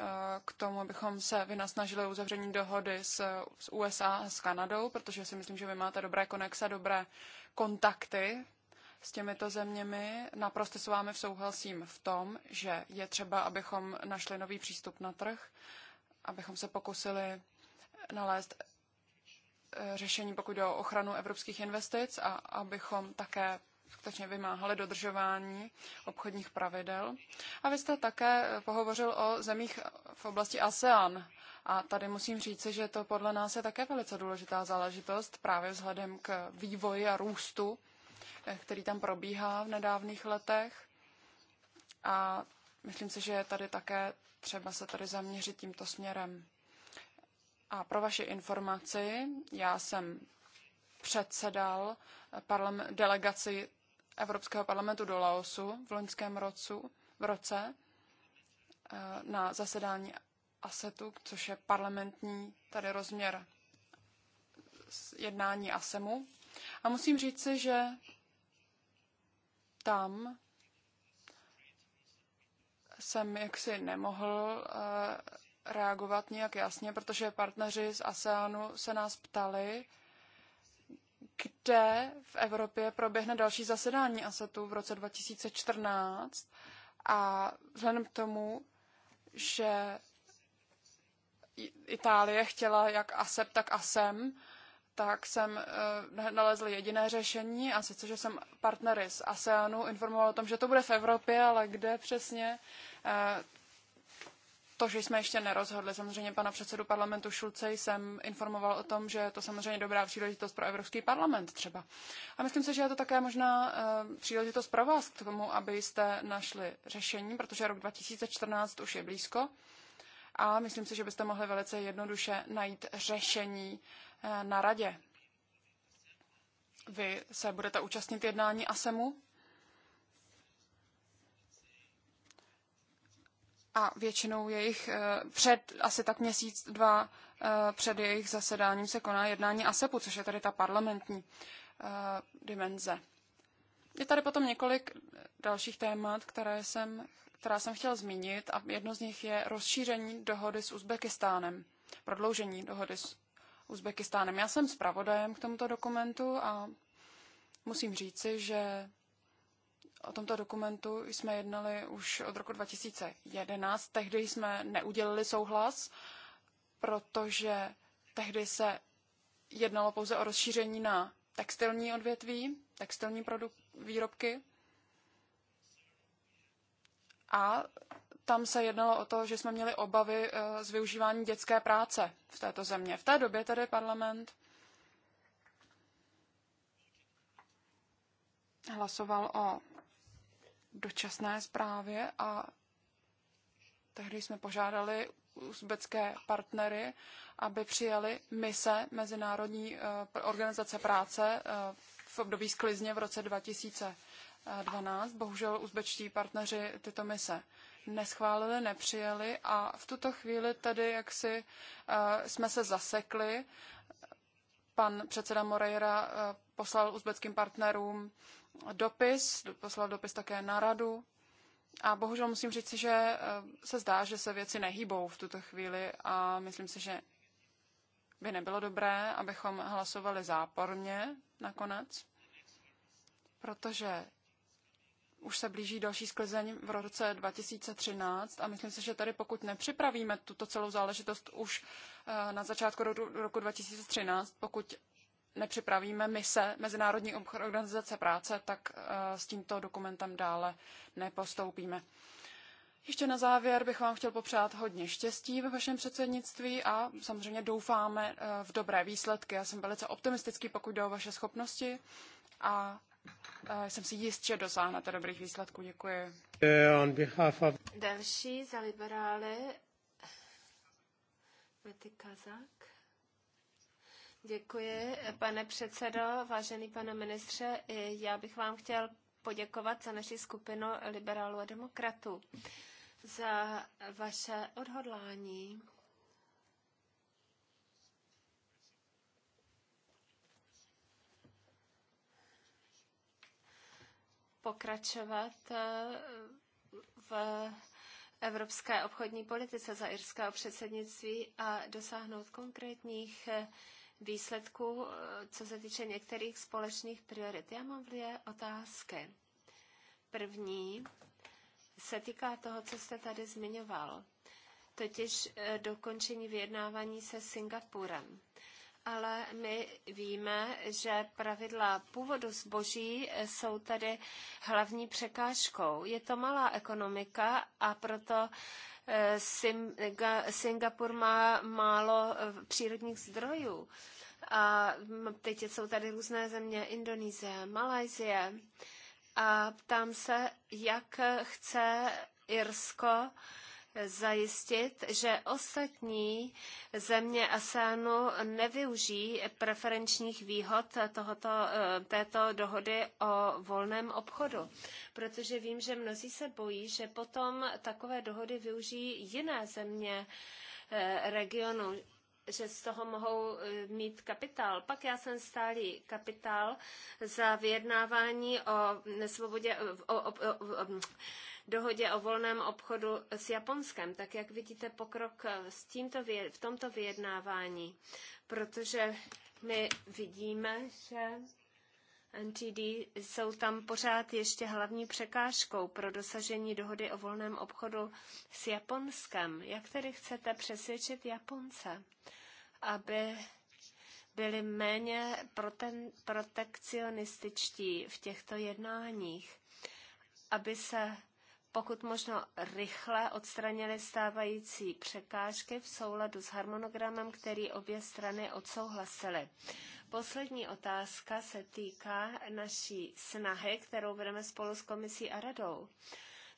k tomu, abychom se vynasnažili uzavření dohody s, s USA a s Kanadou, protože si myslím, že vy máte dobré konexe, dobré kontakty s těmito zeměmi. Naprosto s vámi souhlasím v tom, že je třeba, abychom našli nový přístup na trh, abychom se pokusili nalézt eh, řešení, pokud jde o ochranu evropských investic a abychom také skutečně vymáhali dodržování obchodních pravidel. A vy jste také eh, pohovořil o zemích v oblasti ASEAN. A tady musím říci, že to podle nás je také velice důležitá záležitost právě vzhledem k vývoji a růstu, eh, který tam probíhá v nedávných letech. A myslím si, že je tady také třeba se tady zaměřit tímto směrem. A pro vaši informaci, já jsem předsedal eh, delegaci Evropského parlamentu do Laosu v loňském roce v roce eh, na zasedání ASETu, což je parlamentní tady rozměr jednání ASEMu. A musím si, že tam jsem jaksi nemohl eh, reagovat nějak jasně, protože partneři z ASEANu se nás ptali, kde v Evropě proběhne další zasedání ASETu v roce 2014 a vzhledem k tomu, že Itálie chtěla jak ASEP, tak ASEM, tak jsem eh, nalezl jediné řešení a sice, že jsem partnery z ASEANu informoval o tom, že to bude v Evropě, ale kde přesně eh, to, že jsme ještě nerozhodli. Samozřejmě pana předsedu parlamentu Šulce jsem informoval o tom, že je to samozřejmě dobrá příležitost pro Evropský parlament třeba. A myslím si, že je to také možná eh, příležitost pro vás k tomu, abyste našli řešení, protože rok 2014 už je blízko. A myslím si, že byste mohli velice jednoduše najít řešení eh, na radě. Vy se budete účastnit jednání ASEMu a většinou jejich eh, před asi tak měsíc, dva eh, před jejich zasedáním se koná jednání ASEPu, což je tady ta parlamentní eh, dimenze. Je tady potom několik dalších témat, které jsem, která jsem chtěl zmínit a jedno z nich je rozšíření dohody s Uzbekistánem, prodloužení dohody s Uzbekistánem. Já jsem zpravodajem k tomuto dokumentu a musím říci, že o tomto dokumentu jsme jednali už od roku 2011. Tehdy jsme neudělili souhlas, protože tehdy se jednalo pouze o rozšíření na textilní odvětví, textilní produk- výrobky. A tam se jednalo o to, že jsme měli obavy eh, z využívání dětské práce v této země. V té době tedy parlament hlasoval o dočasné zprávě a tehdy jsme požádali uzbecké partnery, aby přijali mise Mezinárodní eh, organizace práce eh, v období sklizně v roce 2012. Bohužel uzbečtí partneři tyto mise neschválili, nepřijeli a v tuto chvíli tedy jaksi eh, jsme se zasekli pan předseda Moreira eh, poslal uzbeckým partnerům dopis, poslal dopis také na radu. A bohužel musím říct, že eh, se zdá, že se věci nehýbou v tuto chvíli a myslím si, že by nebylo dobré, abychom hlasovali záporně nakonec, protože už se blíží další sklizeň v roce 2013 a myslím si, že tady pokud nepřipravíme tuto celou záležitost už eh, na začátku roku 2013, pokud nepřipravíme mise Mezinárodní organizace práce, tak eh, s tímto dokumentem dále nepostoupíme. Ještě na závěr bych vám chtěl popřát hodně štěstí ve vašem předsednictví a samozřejmě doufáme eh, v dobré výsledky. Já jsem velice optimistický, pokud jde o vaše schopnosti a jsem si jist, že dosáhnete dobrých výsledků. Děkuji. On behalf of... Další za liberály Mety Kazak. Děkuji, pane předsedo, vážený pane ministře. Já bych vám chtěl poděkovat za naši skupinu liberálů a demokratů, za vaše odhodlání pokračovat eh, v evropské obchodní politice za irského předsednictví a dosáhnout konkrétních eh, výsledků, eh, co se týče některých společných priorit. Já mám dvě otázky. První se týká toho, co jste tady zmiňoval, totiž dokončení vyjednávání se Singapurem ale my víme, že pravidla původu zboží jsou tady hlavní překážkou. Je to malá ekonomika a proto eh, Singapur má málo eh, přírodních zdrojů. A mm, teď jsou tady různé země, Indonésie, Malajzie. A ptám se, jak chce Irsko zajistit, že ostatní země ASEANu nevyužijí preferenčních výhod tohoto, eh, této dohody o volném obchodu. Protože vím, že mnozí se bojí, že potom takové dohody využijí jiné země eh, regionu že z toho mohou eh, mít kapitál. Pak já jsem stálý kapitál za vyjednávání o nesvobodě, o, o, o, o dohodě o volném obchodu s Japonskem, tak jak vidíte pokrok eh, s tímto, v tomto vyjednávání, protože my vidíme, že NTD jsou tam pořád ještě hlavní překážkou pro dosažení dohody o volném obchodu s Japonskem. Jak tedy chcete přesvědčit Japonce, aby byli méně proten, protekcionističtí v těchto jednáních, aby se pokud možno rychle odstranili stávající překážky v souladu s harmonogramem, který obě strany odsouhlasily. Poslední otázka se týká naší snahy, kterou vedeme spolu s komisí a radou,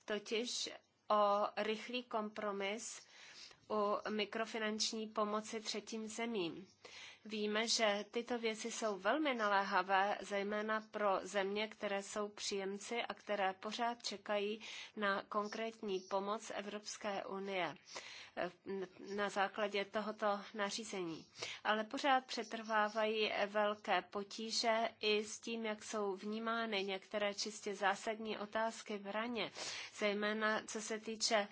totiž o rychlý kompromis u mikrofinanční pomoci třetím zemím. Víme, že tyto věci jsou velmi naléhavé, zejména pro země, které jsou příjemci a které pořád čekají na konkrétní pomoc Evropské unie. Eh, na základě tohoto nařízení. Ale pořád přetrvávají velké potíže i s tím, jak jsou vnímány některé čistě zásadní otázky v raně, zejména co se týče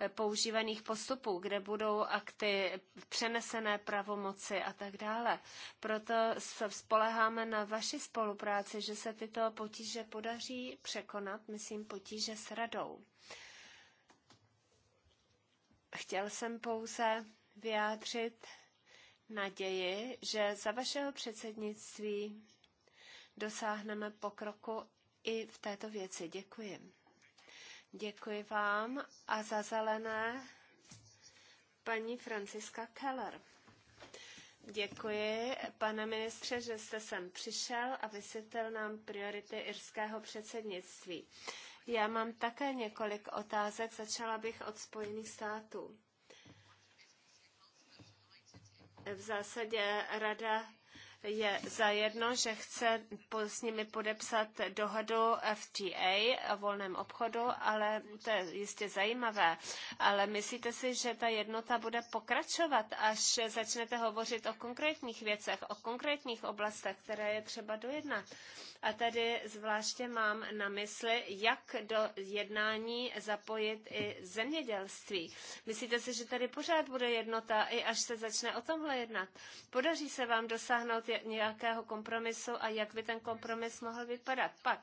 eh, používaných postupů, kde budou akty přenesené pravomoci a tak dále. Proto se spoleháme na vaši spolupráci, že se tyto potíže podaří překonat, myslím, potíže s radou. Chtěl jsem pouze vyjádřit naději, že za vašeho předsednictví dosáhneme pokroku i v této věci. Děkuji. Děkuji vám a za zelené paní Franciska Keller. Děkuji, pane ministře, že jste sem přišel a vysvětlil nám priority irského předsednictví. Já mám také několik otázek, začala bych od Spojených států. V zásadě rada je zajedno, že chce s nimi podepsat dohodu FTA o volném obchodu, ale to je jistě zajímavé. Ale myslíte si, že ta jednota bude pokračovat, až začnete hovořit o konkrétních věcech, o konkrétních oblastech, které je třeba dojednat? A tady zvláště mám na mysli, jak do jednání zapojit i zemědělství. Myslíte si, že tady pořád bude jednota, i až se začne o tomhle jednat? Podaří se vám dosáhnout nějakého kompromisu a jak by ten kompromis mohl vypadat? Pak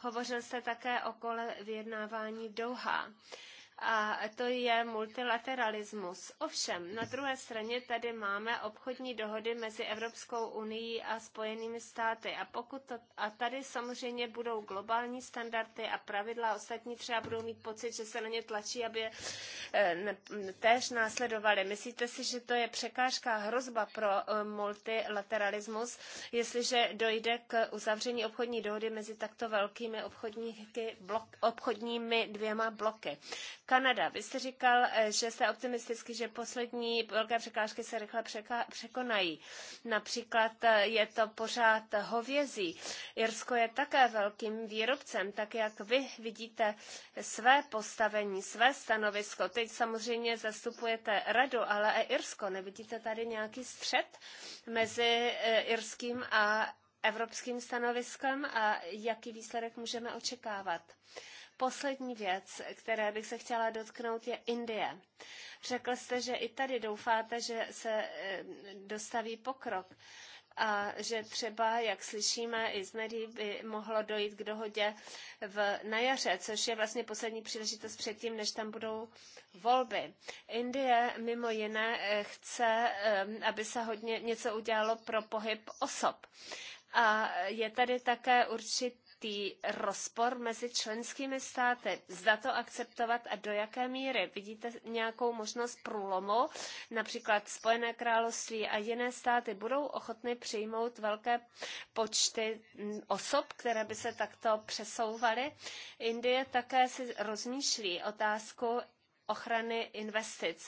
hovořil jste také o kole vyjednávání Doha a to je multilateralismus. Ovšem, na druhé straně tady máme obchodní dohody mezi Evropskou unii a Spojenými státy a pokud to, a tady samozřejmě budou globální standardy a pravidla, ostatní třeba budou mít pocit, že se na ně tlačí, aby je eh, též následovali. Myslíte si, že to je překážka hrozba pro eh, multilateralismus, jestliže dojde k uzavření obchodní dohody mezi takto velkými obchodníky, blok, obchodními dvěma bloky? Kanada, vy jste říkal, eh, že jste optimisticky, že poslední velké překážky se rychle překonají. Například eh, je to pořád hovězí. Irsko je také velkým výrobcem, tak jak vy vidíte své postavení, své stanovisko. Teď samozřejmě zastupujete radu, ale i Irsko. Nevidíte tady nějaký střed mezi eh, irským a evropským stanoviskem a jaký výsledek můžeme očekávat? Poslední věc, které bych se chtěla dotknout, je Indie. Řekl jste, že i tady doufáte, že se eh, dostaví pokrok a že třeba, jak slyšíme i z médií, by mohlo dojít k dohodě v, na jaře, což je vlastně poslední příležitost předtím, než tam budou volby. Indie mimo jiné eh, chce, eh, aby se hodně něco udělalo pro pohyb osob. A je tady také určitě určitý rozpor mezi členskými státy. Zda to akceptovat a do jaké míry? Vidíte nějakou možnost průlomu? Například Spojené království a jiné státy budou ochotny přijmout velké počty osob, které by se takto přesouvaly. Indie také si rozmýšlí otázku ochrany investic,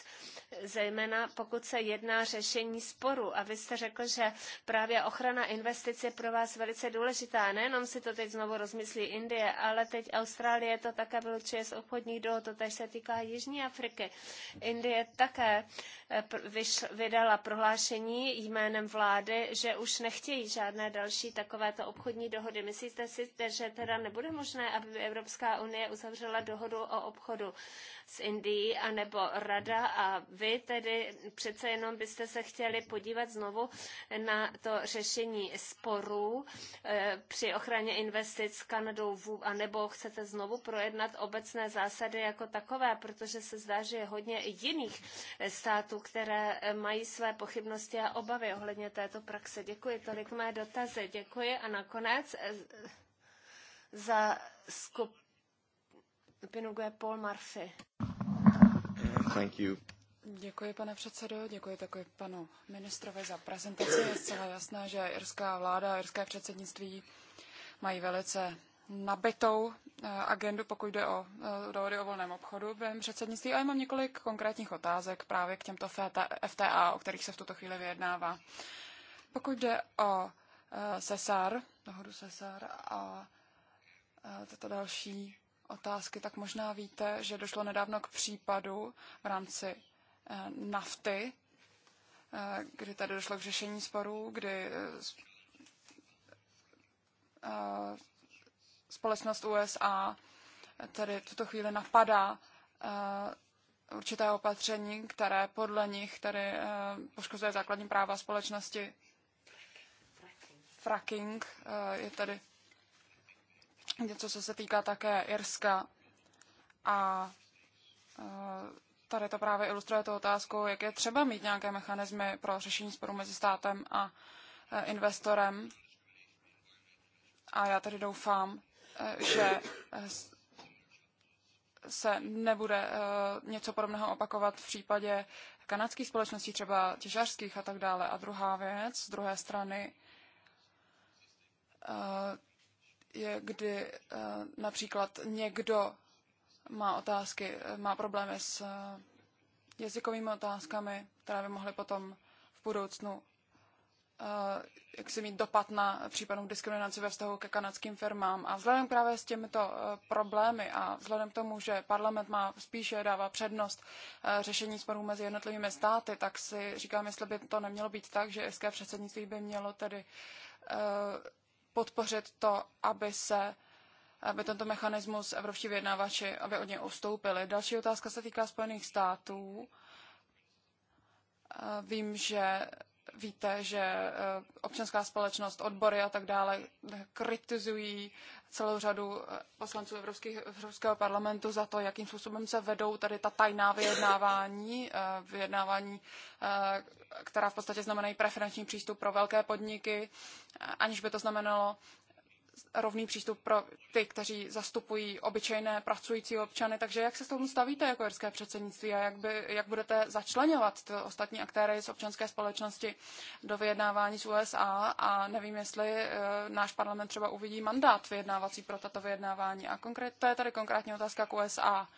zejména pokud se jedná řešení sporu. A vy jste řekl, že právě ochrana investic je pro vás velice důležitá. Nejenom si to teď znovu rozmyslí Indie, ale teď Austrálie to také vylučuje z obchodních dohod, to tež se týká Jižní Afriky. Indie také eh, vydala prohlášení jménem vlády, že už nechtějí žádné další takovéto obchodní dohody. Myslíte si, že teda nebude možné, aby Evropská unie uzavřela dohodu o obchodu z Indií, anebo rada a vy tedy přece jenom byste se chtěli podívat znovu na to řešení sporů eh, při ochraně investic s Kanadou anebo chcete znovu projednat obecné zásady jako takové, protože se zdá, že je hodně jiných eh, států, které eh, mají své pochybnosti a obavy ohledně této praxe. Děkuji, tolik mé dotazy. Děkuji a nakonec za skupinu Paul Murphy. Thank you. Děkuji, pane předsedo, děkuji také panu ministrovi za prezentaci. Je zcela jasné, že irská vláda a irské předsednictví mají velice nabitou eh, agendu, pokud jde o eh, dohody o volném obchodu během předsednictví. A já mám několik konkrétních otázek právě k těmto FTA, o kterých se v tuto chvíli vyjednává. Pokud jde o SESAR, eh, dohodu SESAR a tato další otázky, tak možná víte, že došlo nedávno k případu v rámci eh, nafty, eh, kdy tady došlo k řešení sporů, kdy eh, společnost USA tady tuto chvíli napadá určité opatření, které podle nich tady poškozuje základní práva společnosti. Fracking je tady něco, co se týká také Irska. A e, tady to právě ilustruje tu otázku, jak je třeba mít nějaké mechanismy pro řešení sporu mezi státem a e, investorem. A já tedy doufám, e, že se nebude něco podobného opakovat v případě kanadských společností, třeba těžařských a tak dále. A druhá věc, z druhé strany, je, kdy eh, například někdo má otázky, eh, má problémy s eh, jazykovými otázkami, které by mohly potom v budoucnu jak se mít dopad na případnou diskriminaci ve vztahu ke kanadským firmám. A vzhledem právě s těmito problémy a vzhledem k tomu, že parlament má spíše dává přednost řešení sporů mezi jednotlivými státy, tak si říkám, jestli by to nemělo být tak, že irské předsednictví by mělo tedy podpořit to, aby se aby tento mechanismus evropští vyjednávači, aby od něj ustoupili. Další otázka se týká Spojených států. Eh, vím, že víte, že eh, občanská společnost, odbory a tak dále kritizují celou řadu eh, poslanců Evropských, Evropského parlamentu za to, jakým způsobem se vedou tady ta tajná vyjednávání, eh, vyjednávání, eh, která v podstatě znamenají preferenční přístup pro velké podniky, aniž by to znamenalo rovný přístup pro ty, kteří zastupují obyčejné pracující občany. Takže jak se s tomu stavíte jako jirské předsednictví a jak, by, jak budete začlenovat ty ostatní aktéry z občanské společnosti do vyjednávání s USA? A nevím, jestli e, náš parlament třeba uvidí mandát vyjednávací pro tato vyjednávání. A konkrét, to je tady konkrétní otázka k USA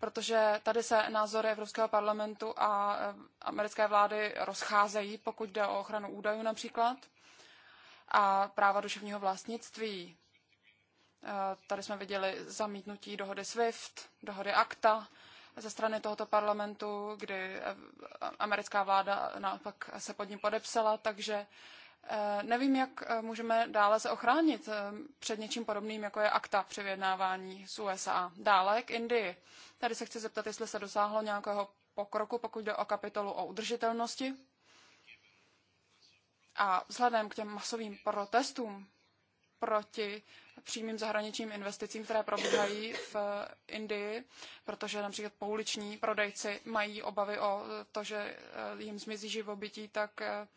protože tady se názory Evropského parlamentu a eh, americké vlády rozcházejí, pokud jde o ochranu údajů například a práva duševního vlastnictví. Eh, tady jsme viděli zamítnutí dohody SWIFT, dohody ACTA ze strany tohoto parlamentu, kdy eh, americká vláda naopak se pod ní podepsala, takže eh, Nevím, jak můžeme dále se ochránit před něčím podobným, jako je akta při vyjednávání z USA. Dále k Indii. Tady se chci zeptat, jestli se dosáhlo nějakého pokroku, pokud jde o kapitolu o udržitelnosti a vzhledem k těm masovým protestům proti přímým zahraničním investicím, které probíhají v Indii, protože například pouliční prodejci mají obavy o to, že eh, jim zmizí živobytí, tak eh,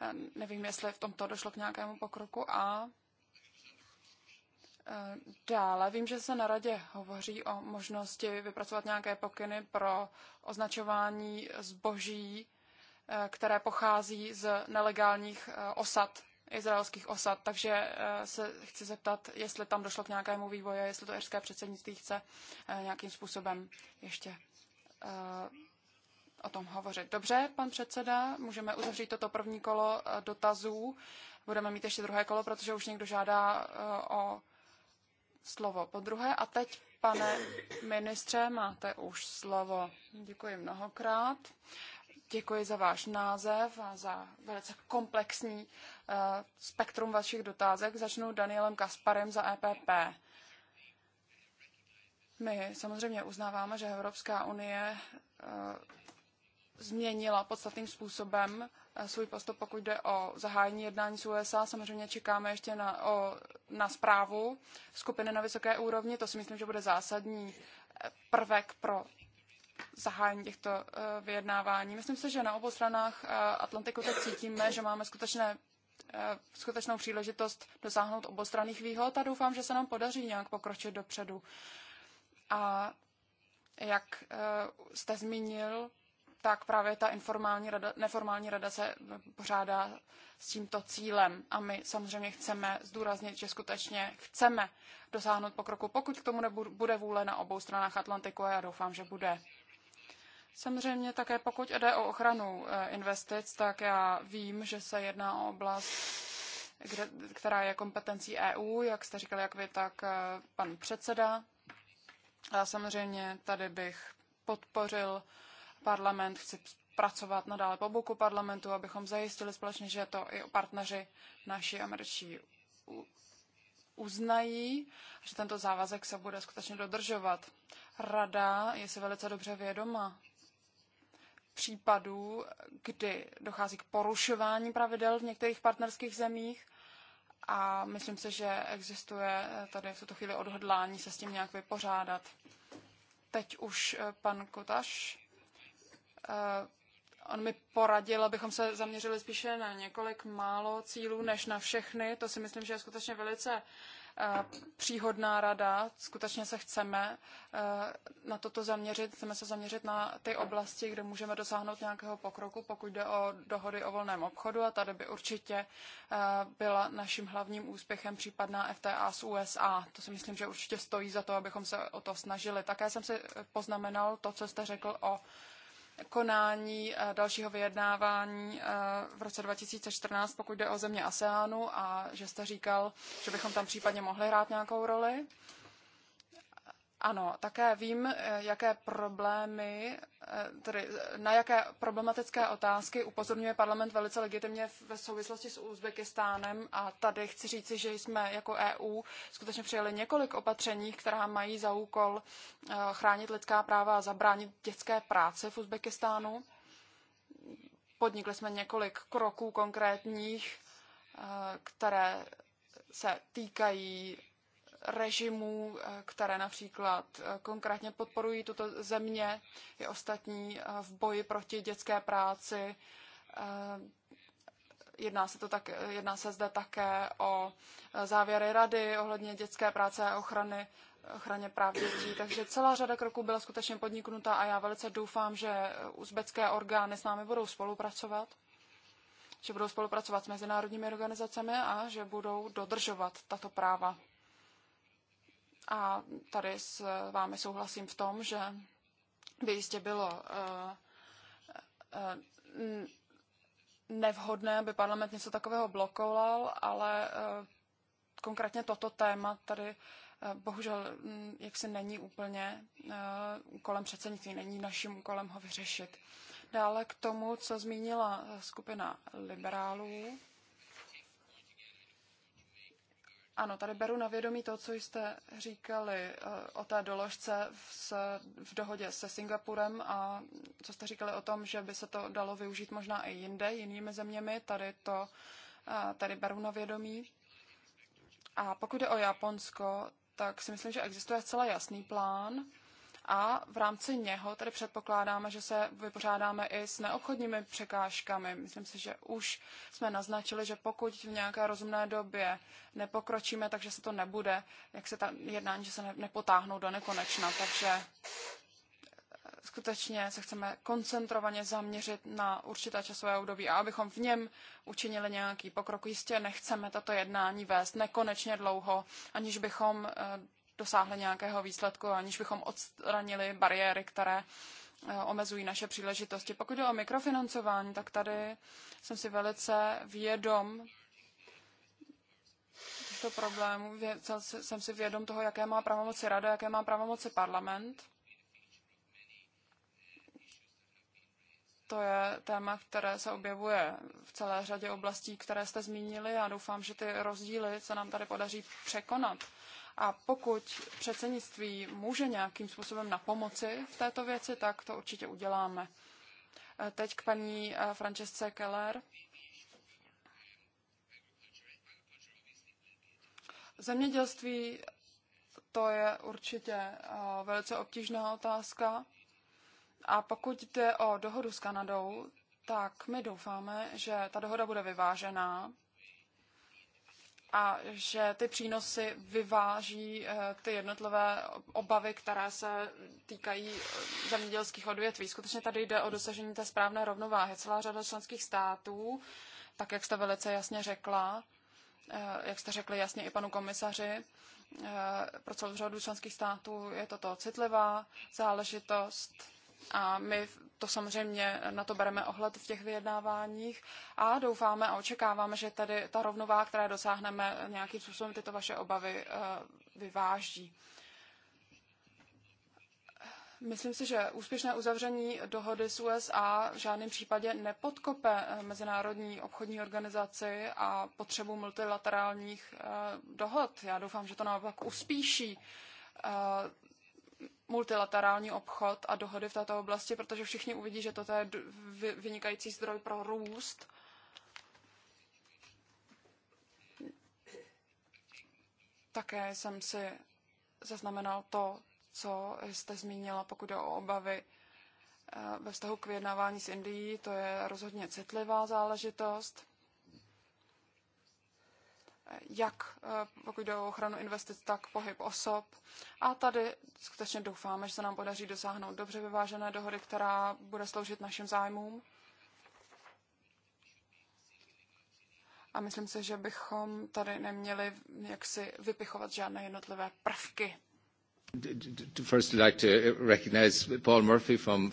eh, nevím, jestli v tomto došlo k nějakému pokroku. A dále vím, že se na radě hovoří o možnosti vypracovat nějaké pokyny pro označování zboží Eh, které pochází z nelegálních eh, osad, izraelských osad. Takže eh, se chci zeptat, jestli tam došlo k nějakému vývoji, jestli to irské předsednictví chce nějakým způsobem ještě o tom hovořit. Dobře, pan předseda, můžeme uzavřít toto první kolo dotazů. Budeme mít ještě druhé kolo, protože už někdo žádá o slovo po druhé. A teď, pane ministře, máte už slovo. Děkuji mnohokrát děkuji za váš název a za velice komplexní eh, spektrum vašich dotázek. Začnu Danielem Kasparem za EPP. My samozřejmě uznáváme, že Evropská unie eh, změnila podstatným způsobem eh, svůj postup, pokud jde o zahájení jednání s USA. Samozřejmě čekáme ještě na, o, na zprávu skupiny na vysoké úrovni. To si myslím, že bude zásadní prvek pro zahájení těchto eh, vyjednávání. Myslím si, že na obou stranách eh, Atlantiku teď cítíme, že máme skutečné eh, skutečnou příležitost dosáhnout obostranných výhod a doufám, že se nám podaří nějak pokročit dopředu. A jak jste zmínil, tak právě ta informální rada, neformální rada se pořádá s tímto cílem. A my samozřejmě chceme zdůraznit, že skutečně chceme dosáhnout pokroku, pokud k tomu nebude vůle na obou stranách Atlantiku a já doufám, že bude. Samozřejmě také pokud jde o ochranu eh, investic, tak já vím, že se jedná o oblast, kde, která je kompetencí EU, jak jste říkal, jak vy, tak eh, pan předseda. A samozřejmě tady bych podpořil parlament, chci pracovat nadále po boku parlamentu, abychom zajistili společně, že to i partneři naši američtí uznají, že tento závazek se bude skutečně dodržovat. Rada je si velice dobře vědoma případů, kdy dochází k porušování pravidel v některých partnerských zemích a myslím si, že existuje eh, tady v tuto chvíli odhodlání se s tím nějak vypořádat. Teď už eh, pan Kotaš, eh, on mi poradil, abychom se zaměřili spíše na několik málo cílů, než na všechny. To si myslím, že je skutečně velice Eh, příhodná rada. Skutečně se chceme eh, na toto zaměřit, chceme se zaměřit na ty oblasti, kde můžeme dosáhnout nějakého pokroku, pokud jde o dohody o volném obchodu a tady by určitě eh, byla naším hlavním úspěchem případná FTA s USA. To si myslím, že určitě stojí za to, abychom se o to snažili. Také jsem si poznamenal to, co jste řekl o konání eh, dalšího vyjednávání eh, v roce 2014, pokud jde o země ASEANu a že jste říkal, že bychom tam případně mohli hrát nějakou roli. Ano, také vím, eh, jaké problémy, eh, tedy eh, na jaké problematické otázky upozorňuje parlament velice legitimně ve souvislosti s Uzbekistánem a tady chci říci, že jsme jako EU skutečně přijali několik opatření, která mají za úkol chránit lidská práva a zabránit dětské práce v Uzbekistánu. Podnikli jsme několik kroků konkrétních, které se týkají režimů, eh, které například eh, konkrétně podporují tuto země i ostatní eh, v boji proti dětské práci. Jedná se, to tak, jedná se zde také o závěry rady ohledně dětské práce a ochrany ochraně práv dětí. Takže celá řada kroků byla skutečně podniknuta a já velice doufám, že uzbecké orgány s námi budou spolupracovat, že budou spolupracovat s mezinárodními organizacemi a že budou dodržovat tato práva a tady s vámi souhlasím v tom, že by jistě bylo eh, eh, nevhodné, aby parlament něco takového blokoval, ale eh, konkrétně toto téma tady bohužel mm, jak není úplně úkolem předsednictví, není naším úkolem ho vyřešit. Dále k tomu, co zmínila skupina liberálů, ano, tady beru na vědomí to, co jste říkali eh, o té doložce v, dohodě se Singapurem a co jste říkali o tom, že by se to dalo využít možná i jinde, jinými zeměmi. Tady to eh, tady beru na vědomí. A pokud jde o Japonsko, tak si myslím, že existuje zcela jasný plán a v rámci něho tady předpokládáme, že se vypořádáme i s neobchodními překážkami. Myslím si, že už jsme naznačili, že pokud v nějaké rozumné době nepokročíme, takže se to nebude, jak se ta jednání, že se nepotáhnou do nekonečna. Takže eh, skutečně se chceme koncentrovaně zaměřit na určité časové období a abychom v něm učinili nějaký pokrok. Jistě nechceme tato jednání vést nekonečně dlouho, aniž bychom eh, dosáhli nějakého výsledku, aniž bychom odstranili bariéry, které eh, omezují naše příležitosti. Pokud jde o mikrofinancování, tak tady jsem si velice vědom těchto problémů, jsem si vědom toho, jaké má pravomoci rada, jaké má pravomoci parlament. To je téma, které se objevuje v celé řadě oblastí, které jste zmínili a doufám, že ty rozdíly se nám tady podaří překonat. A pokud předsednictví může nějakým způsobem na pomoci v této věci, tak to určitě uděláme. Eh, teď k paní eh, Francesce Keller. Zemědělství to je určitě eh, velice obtížná otázka. A pokud jde o dohodu s Kanadou, tak my doufáme, že ta dohoda bude vyvážená a že ty přínosy vyváží eh, ty jednotlivé obavy, které se týkají eh, zemědělských odvětví. Skutečně tady jde o dosažení té správné rovnováhy. Celá řada členských států, tak jak jste velice jasně řekla, eh, jak jste řekli jasně i panu komisaři, pro celou řadu členských států je toto citlivá záležitost a my to samozřejmě na to bereme ohled v těch vyjednáváních a doufáme a očekáváme, že tady ta rovnováha, která dosáhneme, nějakým způsobem tyto vaše obavy eh, vyváží. Myslím si, že úspěšné uzavření dohody s USA v žádném případě nepodkope eh, Mezinárodní obchodní organizaci a potřebu multilaterálních eh, dohod. Já doufám, že to naopak uspíší multilaterální obchod a dohody v této oblasti, protože všichni uvidí, že toto je vynikající zdroj pro růst. Také jsem si zaznamenal to, co jste zmínila, pokud jde o obavy eh, ve vztahu k vyjednávání s Indií. To je rozhodně citlivá záležitost jak eh, pokud jde o ochranu investic, tak pohyb osob. A tady skutečně doufáme, že se nám podaří dosáhnout dobře vyvážené dohody, která bude sloužit našim zájmům. A myslím si, že bychom tady neměli jaksi vypichovat žádné jednotlivé prvky. First, like to Paul Murphy from...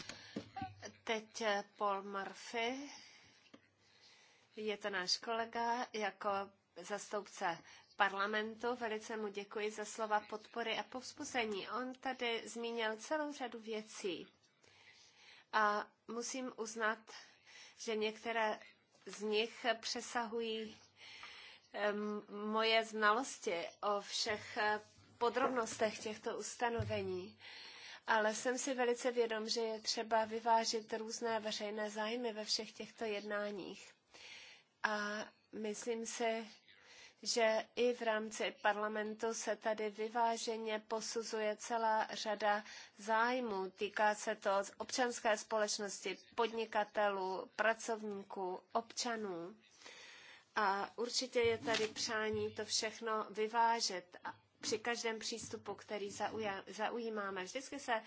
Teď eh, Paul Murphy je to náš kolega jako zastoupce parlamentu. Velice mu děkuji za slova podpory a povzbuzení. On tady zmínil celou řadu věcí. A musím uznat, že některé z nich přesahují moje znalosti o všech eh, podrobnostech těchto ustanovení. Ale jsem si velice vědom, že je třeba vyvážit různé veřejné zájmy ve všech těchto jednáních. A myslím si, že i v rámci parlamentu se tady vyváženě posuzuje celá řada zájmů. Týká se to občanské společnosti, podnikatelů, pracovníků, občanů. A určitě je tady přání to všechno vyvážet při každém přístupu, který zaujímáme. Vždycky se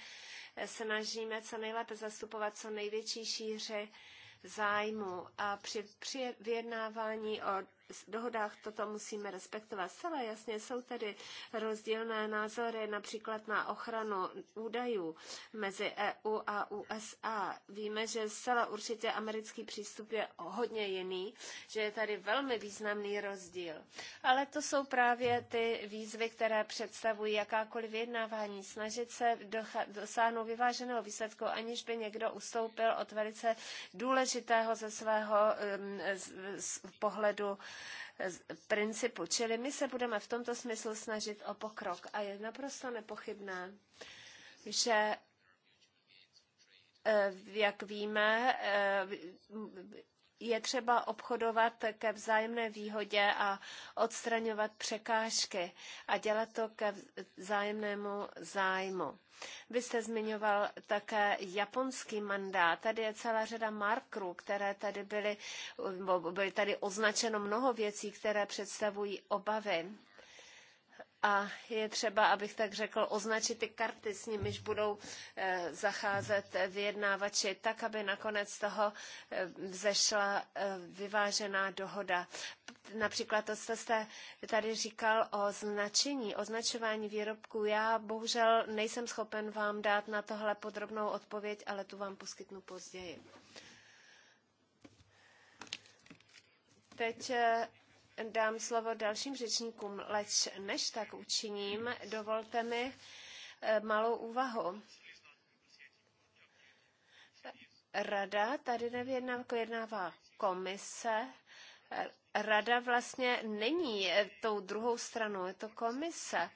snažíme co nejlépe zastupovat co největší šíři zájmu a při, při vyjednávání o dohodách toto musíme respektovat. Zcela jasně jsou tedy rozdílné názory například na ochranu údajů mezi EU a USA. Víme, že zcela určitě americký přístup je hodně jiný, že je tady velmi významný rozdíl. Ale to jsou právě ty výzvy, které představují jakákoliv vyjednávání. Snažit se dosáhnout vyváženého výsledku, aniž by někdo ustoupil od velice důležitého ze svého z, z pohledu principu. Čili my se budeme v tomto smyslu snažit o pokrok a je naprosto nepochybné, že eh, jak víme, eh, je třeba obchodovat ke vzájemné výhodě a odstraňovat překážky a dělat to ke vzájemnému zájmu. Vy jste zmiňoval také japonský mandát. Tady je celá řada markerů, které tady byly, byly tady označeno mnoho věcí, které představují obavy a je třeba, abych tak řekl, označit ty karty, s nimiž budou eh, zacházet vyjednávači, tak, aby nakonec z toho eh, vzešla eh, vyvážená dohoda. Například to, co jste tady říkal o značení, označování výrobků. Já bohužel nejsem schopen vám dát na tohle podrobnou odpověď, ale tu vám poskytnu později. Teď dám slovo dalším řečníkům, leč než tak učiním, dovolte mi eh, malou úvahu. Rada tady jednává komise, rada vlastně není eh, tou druhou stranou, je to komise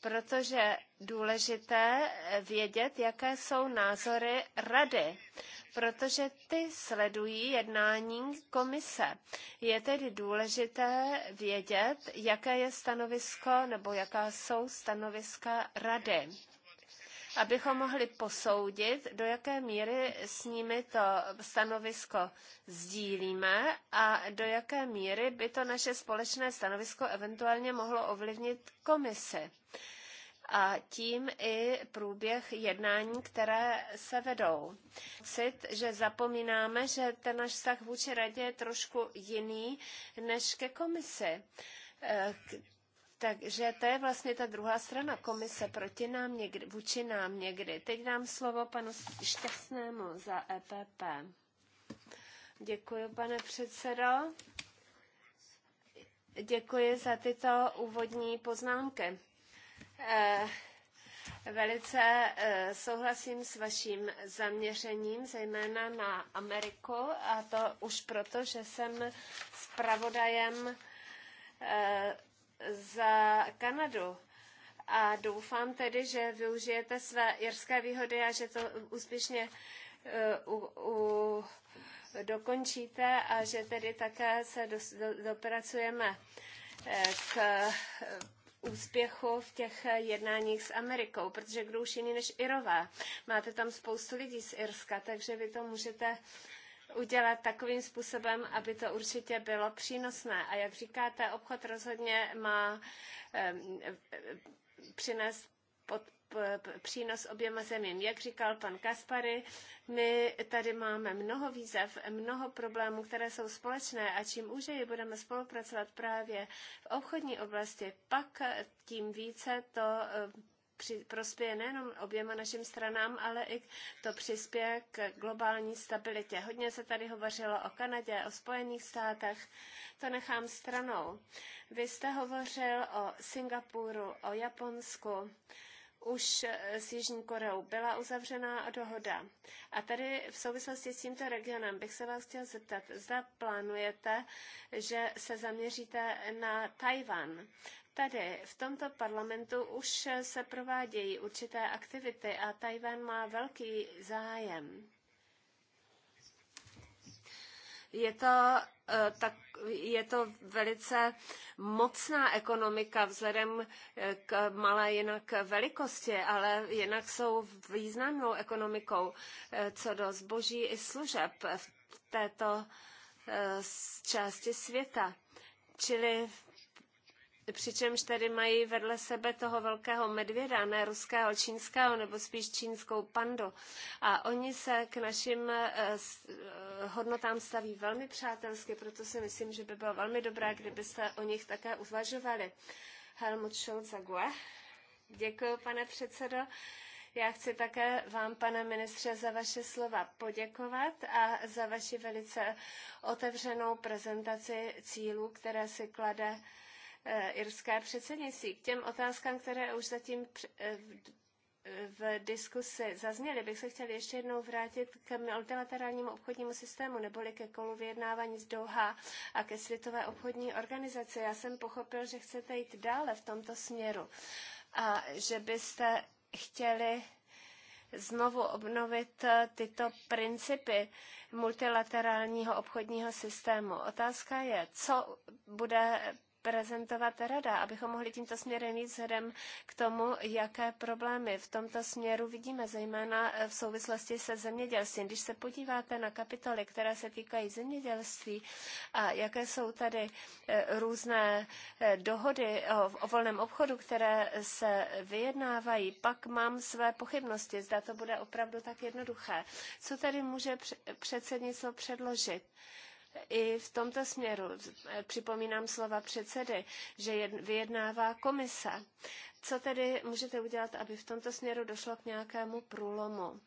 protože důležité eh, vědět, jaké jsou názory rady, protože ty sledují jednání komise. Je tedy důležité vědět, jaké je stanovisko nebo jaká jsou stanoviska rady abychom mohli posoudit, do jaké míry s nimi to stanovisko sdílíme a do jaké míry by to naše společné stanovisko eventuálně mohlo ovlivnit komisi a tím i průběh jednání, které se vedou. Cit, že zapomínáme, že ten náš vztah vůči radě je trošku jiný než ke komisi eh, takže to je vlastně ta druhá strana komise proti nám někdy, vůči nám někdy. Teď dám slovo panu Šťastnému za EPP. Děkuji, pane předsedo. Děkuji za tyto úvodní poznámky. Eh, velice eh, souhlasím s vaším zaměřením, zejména na Ameriku, a to už proto, že jsem zpravodajem eh, za Kanadu a doufám tedy, že využijete své jirské výhody a že to úspěšně eh, u, u, dokončíte a že tedy také se do, do, dopracujeme eh, k eh, úspěchu v těch jednáních s Amerikou, protože kdo už jiný než Irové. Máte tam spoustu lidí z Irska, takže vy to můžete udělat takovým způsobem, aby to určitě bylo přínosné. A jak říkáte, obchod rozhodně má přinést pod přínos oběma zemím. Jak říkal pan Kaspary, my tady máme mnoho výzev, mnoho problémů, které jsou společné a čím je budeme spolupracovat právě v obchodní oblasti, pak tím více to při, prospěje nejenom oběma našim stranám, ale i to přispěje k globální stabilitě. Hodně se tady hovořilo o Kanadě, o Spojených státech, to nechám stranou. Vy jste hovořil o Singapuru, o Japonsku už eh, s Jižní Koreou byla uzavřená dohoda. A tady v souvislosti s tímto regionem bych se vás chtěl zeptat, zda plánujete, že se zaměříte na Tajvan. Tady v tomto parlamentu už se provádějí určité aktivity a Tajván má velký zájem. Je to, eh, tak, je to velice mocná ekonomika vzhledem eh, k malé jinak velikosti, ale jinak jsou významnou ekonomikou eh, co do zboží i služeb v této části světa. Čili Přičemž tady mají vedle sebe toho velkého medvěda, ne ruského, čínského, nebo spíš čínskou pandu. A oni se k našim eh, eh, hodnotám staví velmi přátelsky, proto si myslím, že by bylo velmi dobré, kdybyste o nich také uvažovali. Helmut Scholz Děkuji, pane předsedo. Já chci také vám, pane ministře, za vaše slova poděkovat a za vaši velice otevřenou prezentaci cílů, které si klade Eh, irské předsednictví. K těm otázkám, které už zatím eh, eh, v diskusi zazněly, bych se chtěl ještě jednou vrátit k multilaterálnímu obchodnímu systému, neboli ke kolu vyjednávání z Doha a ke Světové obchodní organizaci. Já jsem pochopil, že chcete jít dále v tomto směru a že byste chtěli znovu obnovit tyto principy multilaterálního obchodního systému. Otázka je, co bude prezentovat rada, abychom mohli tímto směrem jít vzhledem k tomu, jaké problémy v tomto směru vidíme, zejména v souvislosti se zemědělstvím. Když se podíváte na kapitoly, které se týkají zemědělství a jaké jsou tady eh, různé eh, dohody o, o volném obchodu, které se vyjednávají, pak mám své pochybnosti, zda to bude opravdu tak jednoduché. Co tady může předsednictvo předložit? i v tomto směru. Připomínám slova předsedy, že vyjednává komise. Co tedy můžete udělat, aby v tomto směru došlo k nějakému průlomu?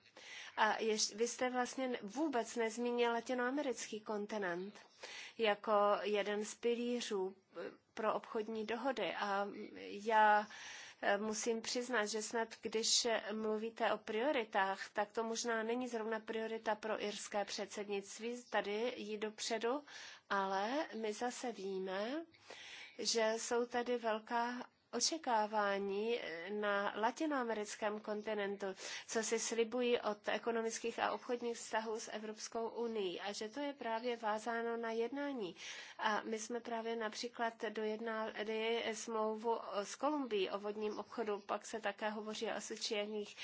A ještě, vy jste vlastně vůbec nezmínil latinoamerický kontinent jako jeden z pilířů e, pro obchodní dohody. A já musím přiznat, že snad když mluvíte o prioritách, tak to možná není zrovna priorita pro irské předsednictví, tady jí dopředu, ale my zase víme, že jsou tady velká očekávání eh, na latinoamerickém kontinentu, co si slibují od ekonomických a obchodních vztahů s Evropskou unii a že to je právě vázáno na jednání. A my jsme právě například dojednali smlouvu s Kolumbií o vodním obchodu, pak se také hovoří o asociačních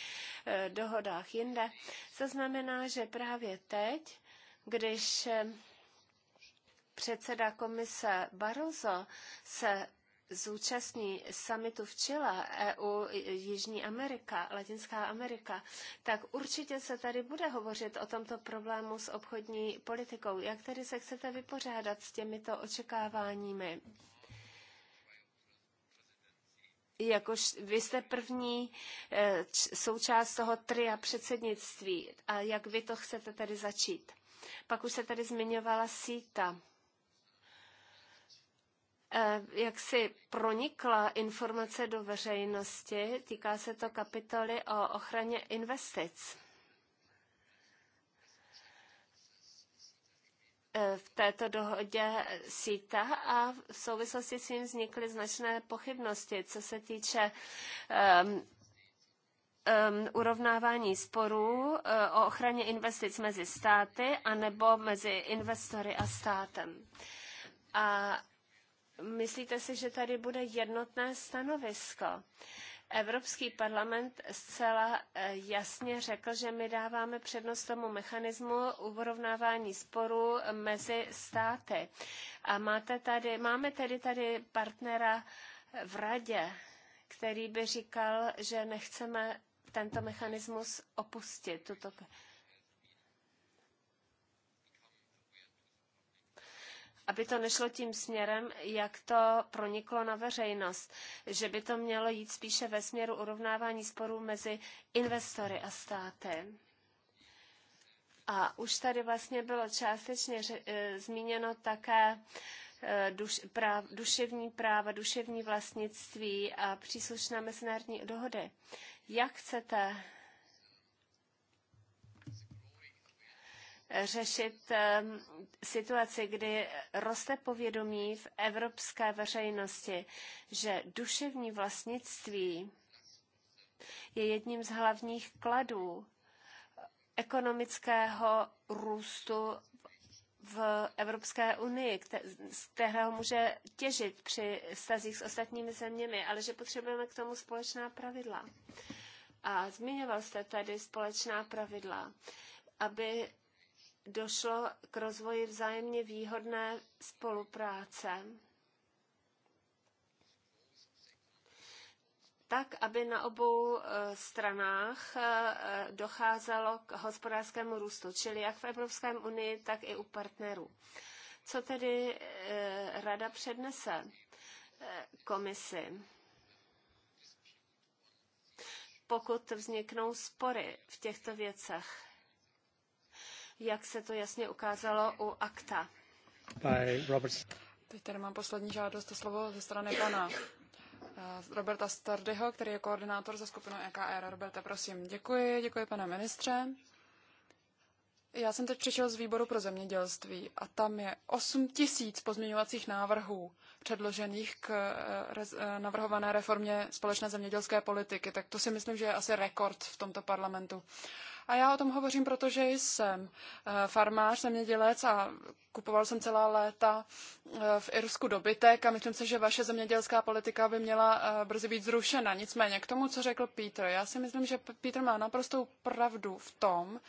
eh, dohodách jinde. To znamená, že právě teď, když eh, předseda komise Barroso se zúčastní summitu v Chile, EU, Jižní Amerika, Latinská Amerika, tak určitě se tady bude hovořit o tomto problému s obchodní politikou. Jak tedy se chcete vypořádat s těmito očekáváními? Jakož vy jste první e, součást toho tria předsednictví a jak vy to chcete tedy začít? Pak už se tady zmiňovala síta Eh, jak si pronikla informace do veřejnosti. Týká se to kapitoly o ochraně investic. Eh, v této dohodě síta a v souvislosti s tím vznikly značné pochybnosti, co se týče um, um, urovnávání sporů uh, o ochraně investic mezi státy anebo mezi investory a státem. A myslíte si, že tady bude jednotné stanovisko? Evropský parlament zcela eh, jasně řekl, že my dáváme přednost tomu mechanismu urovnávání sporů mezi státy. A máte tady, máme tedy tady partnera v radě, který by říkal, že nechceme tento mechanismus opustit. Tuto... aby to nešlo tím směrem, jak to proniklo na veřejnost, že by to mělo jít spíše ve směru urovnávání sporů mezi investory a státem. A už tady vlastně bylo částečně e, zmíněno také e, duš, práv, duševní práva, duševní vlastnictví a příslušná mezinárodní dohody. Jak chcete řešit ehm, situaci, kdy roste povědomí v evropské veřejnosti, že duševní vlastnictví je jedním z hlavních kladů ekonomického růstu v Evropské unii, z kterého může těžit při stazích s ostatními zeměmi, ale že potřebujeme k tomu společná pravidla. A zmiňoval jste tady společná pravidla, aby došlo k rozvoji vzájemně výhodné spolupráce. tak, aby na obou eh, stranách eh, eh, docházelo k hospodářskému růstu, čili jak v Evropské unii, tak i u partnerů. Co tedy rada přednese komisi? Pokud vzniknou spory v těchto věcech, jak se to jasně ukázalo u akta. By Roberts. Teď tady mám poslední žádost o slovo ze strany pana eh, Roberta Stardyho, který je koordinátor za skupinu EKR. Roberta, prosím. Děkuji, děkuji pane ministře. Já jsem teď přišel z výboru pro zemědělství a tam je 8 tisíc pozměňovacích návrhů předložených k eh, eh, navrhované reformě společné zemědělské politiky. Tak to si myslím, že je asi rekord v tomto parlamentu. A já o tom hovořím, protože jsem eh, farmář, zemědělec a kupoval jsem celá léta eh, v Irsku dobytek a myslím si, že vaše zemědělská politika by měla eh, brzy být zrušena. Nicméně k tomu, co řekl Pítr, já si myslím, že Pítr má naprostou pravdu v tom,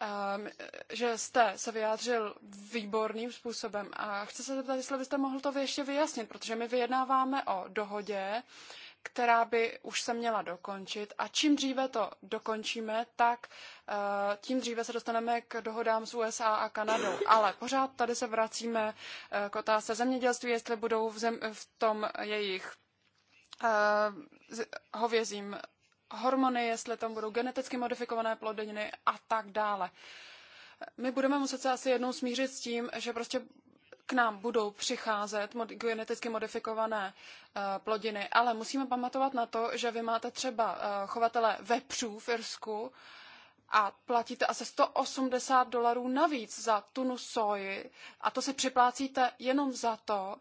ehm, že jste se vyjádřil výborným způsobem a chci se zeptat, jestli byste mohl to ještě vyjasnit, protože my vyjednáváme o dohodě, která by už se měla dokončit. A čím dříve to dokončíme, tak eh, tím dříve se dostaneme k dohodám s USA a Kanadou. Ale pořád tady se vracíme eh, k otázce zemědělství, jestli budou v, zem, v tom jejich eh, hovězím hormony, jestli tam budou geneticky modifikované plodiny a tak dále. My budeme muset se asi jednou smířit s tím, že prostě k nám budou přicházet geneticky modifikované eh, plodiny, ale musíme pamatovat na to, že vy máte třeba eh, chovatele vepřů v Irsku a platíte asi 180 dolarů navíc za tunu soji a to si připlácíte jenom za to,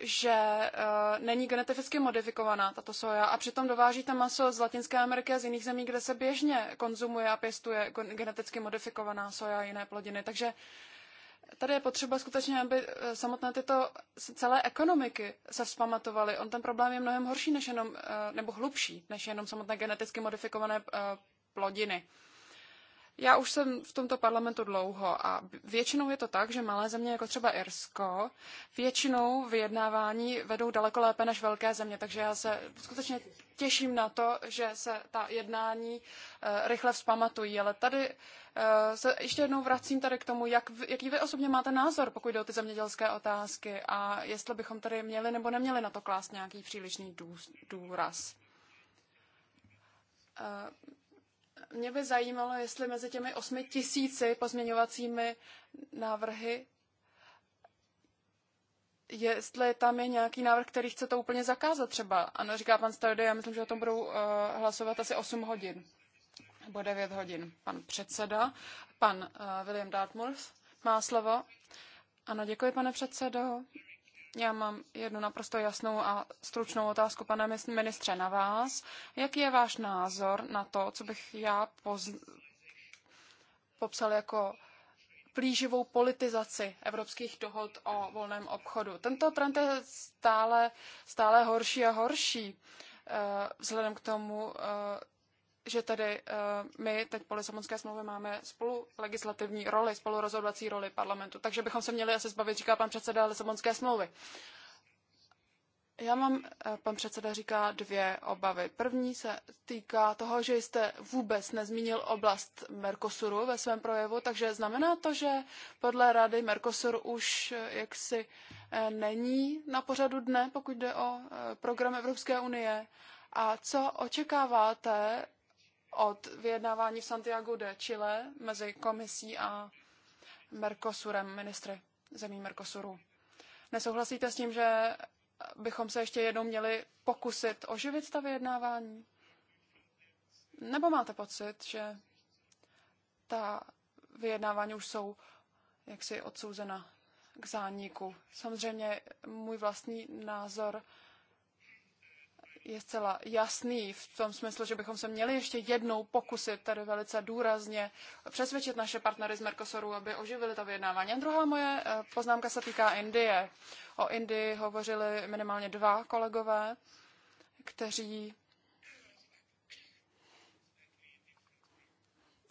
že eh, není geneticky modifikovaná tato soja a přitom dovážíte maso z Latinské Ameriky a z jiných zemí, kde se běžně konzumuje a pěstuje geneticky modifikovaná soja a jiné plodiny. Takže tady je potřeba skutečně, aby eh, samotné tyto celé ekonomiky se vzpamatovaly. On ten problém je mnohem horší než jenom, eh, nebo hlubší, než jenom samotné geneticky modifikované eh, plodiny. Já už jsem v tomto parlamentu dlouho a většinou je to tak, že malé země jako třeba Irsko většinou vyjednávání vedou daleko lépe než velké země, takže já se skutečně těším na to, že se ta jednání eh, rychle vzpamatují, ale tady eh, se ještě jednou vracím tady k tomu, jak, jaký vy osobně máte názor, pokud jde o ty zemědělské otázky a jestli bychom tady měli nebo neměli na to klást nějaký přílišný důraz. Eh, mě by zajímalo, jestli mezi těmi osmi tisíci pozměňovacími návrhy, jestli tam je nějaký návrh, který chce to úplně zakázat třeba. Ano, říká pan Stajde, já myslím, že o tom budou uh, hlasovat asi 8 hodin nebo 9 hodin. Pan předseda, pan uh, William Dartmouth má slovo. Ano, děkuji, pane předsedo. Já mám jednu naprosto jasnou a stručnou otázku, pane ministře, na vás. Jaký je váš názor na to, co bych já poz... popsal jako plíživou politizaci evropských dohod o volném obchodu? Tento trend je stále, stále horší a horší eh, vzhledem k tomu, eh, že tady uh, my teď po Lisabonské smlouvě máme spolu legislativní roli, spolu rozhodovací roli parlamentu, takže bychom se měli asi zbavit, říká pan předseda Lisabonské smlouvy. Já mám, eh, pan předseda říká, dvě obavy. První se týká toho, že jste vůbec nezmínil oblast Mercosuru ve svém projevu, takže znamená to, že podle rady Mercosur už eh, jaksi není na pořadu dne, pokud jde o program Evropské unie. A co očekáváte od vyjednávání v Santiago de Chile mezi komisí a Mercosurem, ministry zemí Mercosuru. Nesouhlasíte s tím, že bychom se ještě jednou měli pokusit oživit ta vyjednávání? Nebo máte pocit, že ta vyjednávání už jsou jaksi odsouzena k zániku? Samozřejmě můj vlastní názor je zcela jasný v tom smyslu, že bychom se měli ještě jednou pokusit tady velice důrazně přesvědčit naše partnery z Mercosuru, aby oživili ta vyjednávání. A druhá moje eh, poznámka se týká Indie. O Indii hovořili minimálně dva kolegové, kteří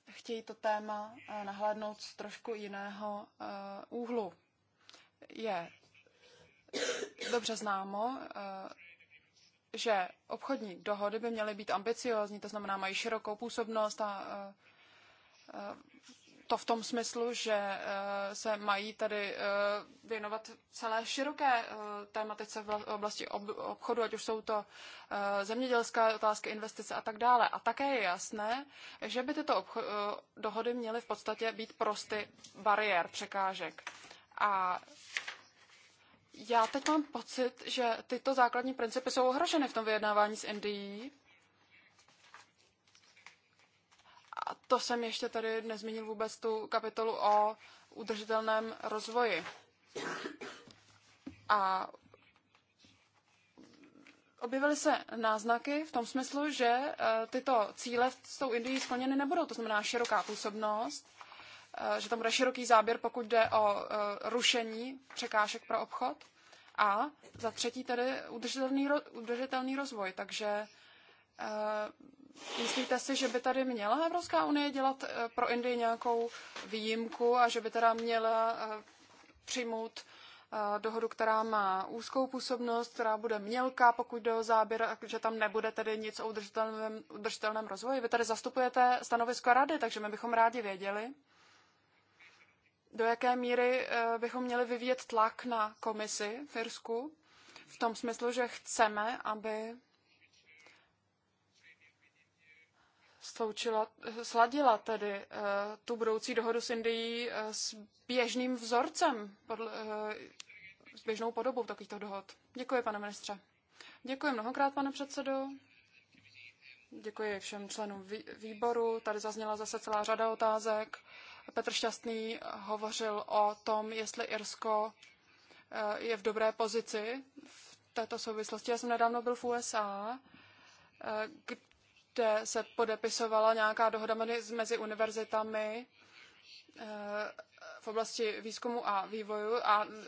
chtějí to téma eh, nahlédnout z trošku jiného eh, úhlu. Je dobře známo že obchodní dohody by měly být ambiciózní, to znamená mají širokou působnost a e, e, to v tom smyslu, že e, se mají tady věnovat celé široké tématice v oblasti obchodu, ať už jsou to zemědělské otázky, investice a tak dále. A také je jasné, že by tyto dohody měly v podstatě být prosty bariér, překážek. A já teď mám pocit, že tyto základní principy jsou ohroženy v tom vyjednávání s Indií. A to jsem ještě tady nezmínil vůbec tu kapitolu o udržitelném rozvoji. A objevily se náznaky v tom smyslu, že eh, tyto cíle s tou Indií splněny nebudou, to znamená široká působnost Eh, že tam bude široký záběr, pokud jde o eh, rušení překážek pro obchod. A za třetí tedy udržitelný, udržitelný rozvoj. Takže eh, myslíte si, že by tady měla Evropská unie dělat pro Indii nějakou výjimku a že by teda měla přijmout dohodu, která má úzkou působnost, která bude mělká, pokud jde o záběr, že tam nebude tedy nic o udržitelném, udržitelném rozvoji. Vy tady zastupujete stanovisko rady, takže my bychom rádi věděli, do jaké míry eh, bychom měli vyvíjet tlak na komisi v Irsku, v tom smyslu, že chceme, aby sloučila, sladila tedy eh, tu budoucí dohodu s Indií eh, s běžným vzorcem, podle, s běžnou podobou takovýchto dohod. Děkuji, pane ministře. Děkuji mnohokrát, pane předsedo. Děkuji všem členům výboru. Tady zazněla zase celá řada otázek. Petr Šťastný hovořil o tom, jestli Irsko eh, je v dobré pozici v této souvislosti. Já jsem nedávno byl v USA, eh, kde se podepisovala nějaká dohoda mezi univerzitami eh, v oblasti výzkumu a vývoju a,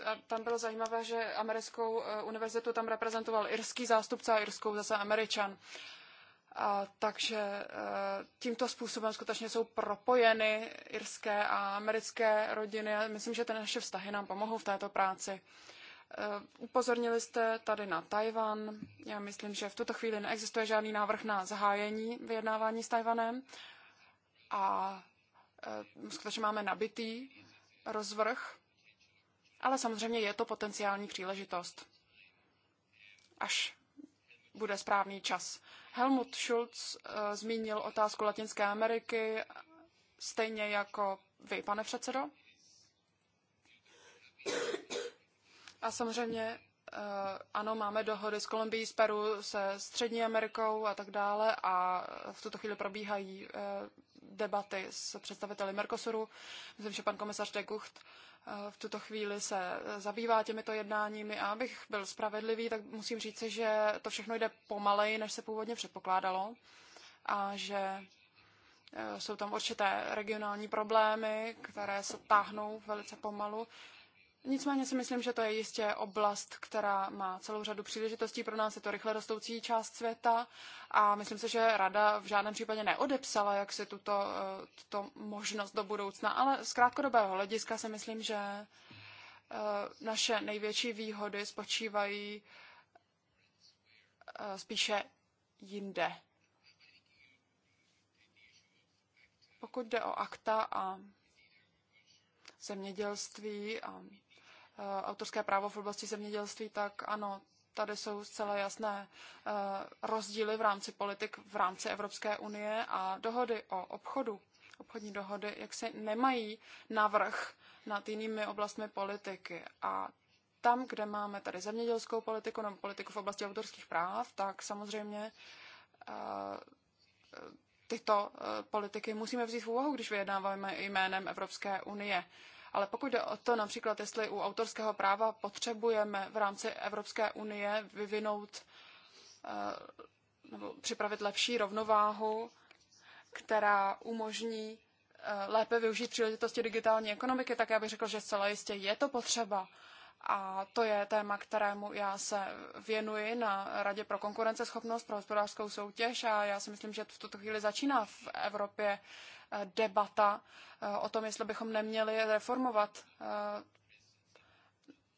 a tam bylo zajímavé, že americkou univerzitu tam reprezentoval irský zástupce a irskou zase američan. A, takže eh, tímto způsobem skutečně jsou propojeny irské a americké rodiny a myslím, že ty naše vztahy nám pomohou v této práci. Eh, upozornili jste tady na Tajvan. Já myslím, že v tuto chvíli neexistuje žádný návrh na zahájení vyjednávání s Tajvanem a eh, skutečně máme nabitý rozvrh, ale samozřejmě je to potenciální příležitost, až bude správný čas. Helmut Schulz eh, zmínil otázku Latinské Ameriky, stejně jako vy, pane předsedo. A samozřejmě, eh, ano, máme dohody s Kolumbií, s Peru, se Střední Amerikou a tak dále a v tuto chvíli probíhají eh, debaty s představiteli Mercosuru. Myslím, že pan komisař de Gucht Eh, v tuto chvíli se eh, zabývá těmito jednáními a abych byl spravedlivý, tak musím říct, že to všechno jde pomaleji, než se původně předpokládalo a že eh, jsou tam určité regionální problémy, které se táhnou velice pomalu Nicméně si myslím, že to je jistě oblast, která má celou řadu příležitostí. Pro nás je to rychle rostoucí část světa a myslím si, že Rada v žádném případě neodepsala jak si tuto, eh, tuto možnost do budoucna, ale z krátkodobého hlediska si myslím, že eh, naše největší výhody spočívají eh, spíše jinde. Pokud jde o akta a zemědělství a Eh, autorské právo v oblasti zemědělství, tak ano, tady jsou zcela jasné eh, rozdíly v rámci politik v rámci Evropské unie a dohody o obchodu, obchodní dohody, jak se nemají navrh nad jinými oblastmi politiky. A tam, kde máme tady zemědělskou politiku nebo politiku v oblasti autorských práv, tak samozřejmě eh, tyto politiky musíme vzít v úvahu, když vyjednáváme jménem Evropské unie. Ale pokud jde o to například, jestli u autorského práva potřebujeme v rámci Evropské unie vyvinout eh, nebo připravit lepší rovnováhu, která umožní eh, lépe využít příležitosti digitální ekonomiky, tak já bych řekl, že zcela jistě je to potřeba. A to je téma, kterému já se věnuji na Radě pro konkurenceschopnost, pro hospodářskou soutěž a já si myslím, že v tuto chvíli začíná v Evropě debata eh, o tom, jestli bychom neměli reformovat eh,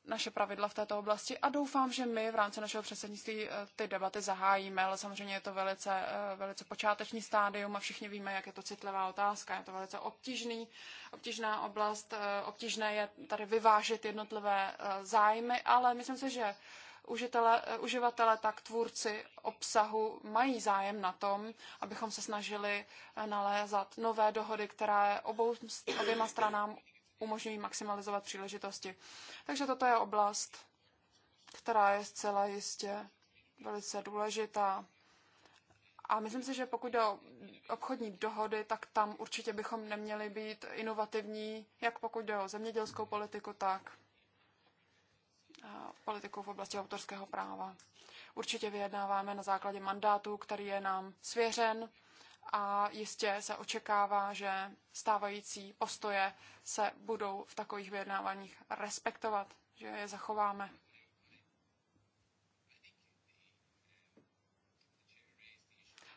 naše pravidla v této oblasti a doufám, že my v rámci našeho předsednictví eh, ty debaty zahájíme, ale samozřejmě je to velice, velice počáteční stádium a všichni víme, jak je to citlivá otázka. Je to velice obtížný, obtížná oblast, obtížné je tady vyvážit jednotlivé zájmy, ale myslím si, že užitele, uživatele, tak tvůrci obsahu mají zájem na tom, abychom se snažili eh, nalézat nové dohody, které obou, oběma stranám umožňují maximalizovat příležitosti. Takže toto je oblast, která je zcela jistě velice důležitá. A myslím si, že pokud jde o obchodní dohody, tak tam určitě bychom neměli být inovativní, jak pokud jde o zemědělskou politiku, tak politiku v oblasti autorského práva. Určitě vyjednáváme na základě mandátu, který je nám svěřen a jistě se očekává, že stávající postoje se budou v takových vyjednáváních respektovat, že je zachováme.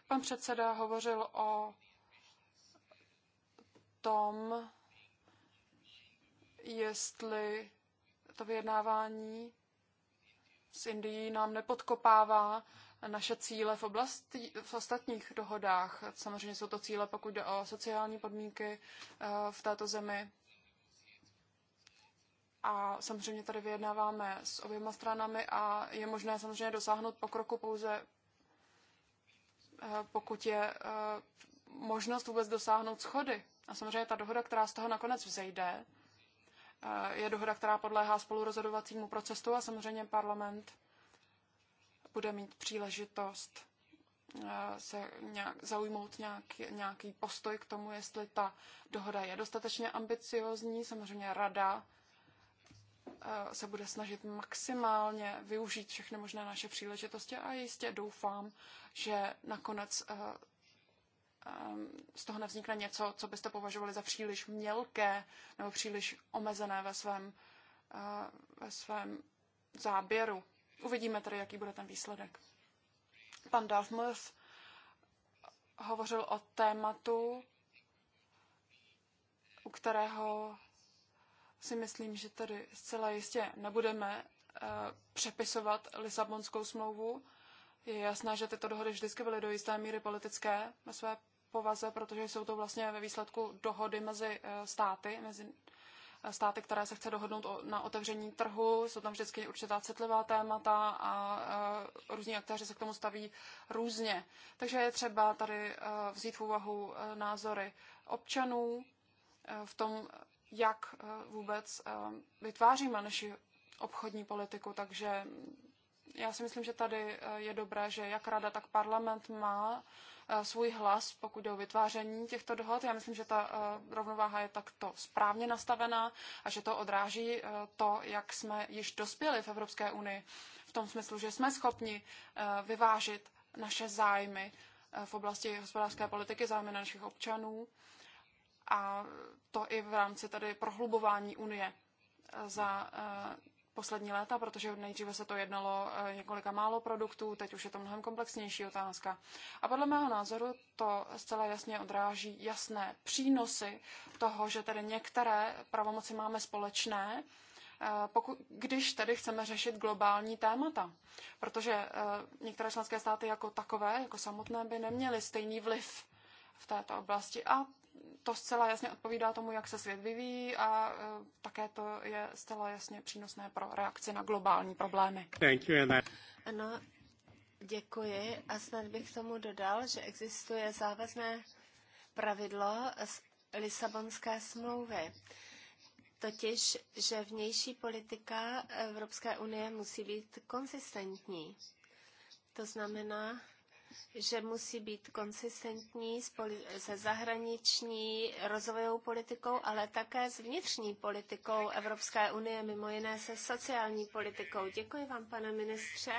Pan předseda hovořil o tom, jestli to vyjednávání s Indií nám nepodkopává naše cíle v, oblasti, v ostatních dohodách. Samozřejmě jsou to cíle, pokud jde o sociální podmínky eh, v této zemi. A samozřejmě tady vyjednáváme s oběma stranami a je možné samozřejmě dosáhnout pokroku pouze, eh, pokud je eh, možnost vůbec dosáhnout schody. A samozřejmě ta dohoda, která z toho nakonec vzejde, je dohoda, která podléhá spolurozhodovacímu procesu a samozřejmě parlament bude mít příležitost eh, se nějak, zaujmout nějaký, nějaký postoj k tomu, jestli ta dohoda je dostatečně ambiciozní. Samozřejmě rada eh, se bude snažit maximálně využít všechny možné naše příležitosti a jistě doufám, že nakonec eh, Ehm, z toho nevznikne něco, co byste považovali za příliš mělké nebo příliš omezené ve svém, eh, ve svém záběru. Uvidíme tedy, jaký bude ten výsledek. Pan Dartmouth hovořil o tématu, u kterého si myslím, že tady zcela jistě nebudeme eh, přepisovat Lisabonskou smlouvu. Je jasné, že tyto dohody vždycky byly do jisté míry politické ve své povaze, protože jsou to vlastně ve výsledku dohody mezi eh, státy, mezi eh, státy, které se chce dohodnout na otevření trhu. Jsou tam vždycky určitá citlivá témata a eh, různí aktéři se k tomu staví různě. Takže je třeba tady vzít v úvahu názory občanů v tom, jak vůbec vytváříme naši obchodní politiku. Takže já si myslím, že tady je dobré, že jak rada, tak parlament má Eh, svůj hlas, pokud jde o vytváření těchto dohod. Já myslím, že ta eh, rovnováha je takto správně nastavená a že to odráží eh, to, jak jsme již dospěli v Evropské unii. V tom smyslu, že jsme schopni vyvážit naše zájmy v oblasti hospodářské politiky, zájmy našich občanů a to i v rámci tady prohlubování Unie za poslední léta, protože nejdříve se to jednalo eh, několika málo produktů, teď už je to mnohem komplexnější otázka. A podle mého názoru to zcela jasně odráží jasné přínosy toho, že tedy některé pravomoci máme společné, eh, pokud, když tedy chceme řešit globální témata. Protože eh, některé členské státy jako takové, jako samotné, by neměly stejný vliv v této oblasti. A to zcela jasně odpovídá tomu, jak se svět vyvíjí a e, také to je zcela jasně přínosné pro reakci na globální problémy. Thank you, Anna. Ano, děkuji a snad bych tomu dodal, že existuje závazné pravidlo z Lisabonské smlouvy. Totiž, že vnější politika Evropské unie musí být konsistentní. To znamená, že musí být konsistentní se zahraniční rozvojovou politikou, ale také s vnitřní politikou Evropské unie, mimo jiné se sociální politikou. Děkuji vám, pane ministře.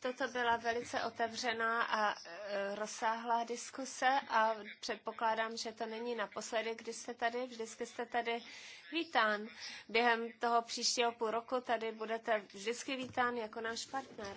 Toto byla velice otevřená a e, rozsáhlá diskuse a předpokládám, že to není naposledy, kdy jste tady. Vždycky jste tady vítán. Během toho příštího půl roku tady budete vždycky vítán jako náš partner.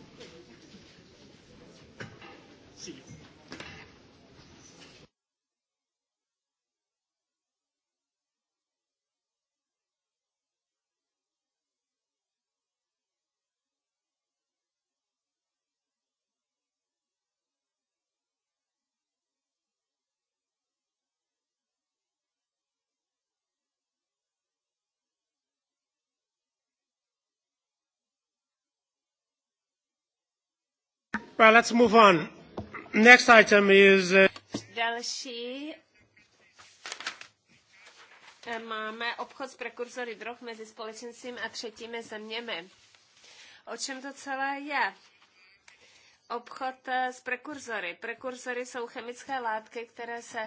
Well, let's move on. Next item is... Uh, Další eh, máme obchod s prekurzory drog mezi společenstvím a třetími zeměmi. O čem to celé je? Obchod eh, s prekurzory. Prekurzory jsou chemické látky, které se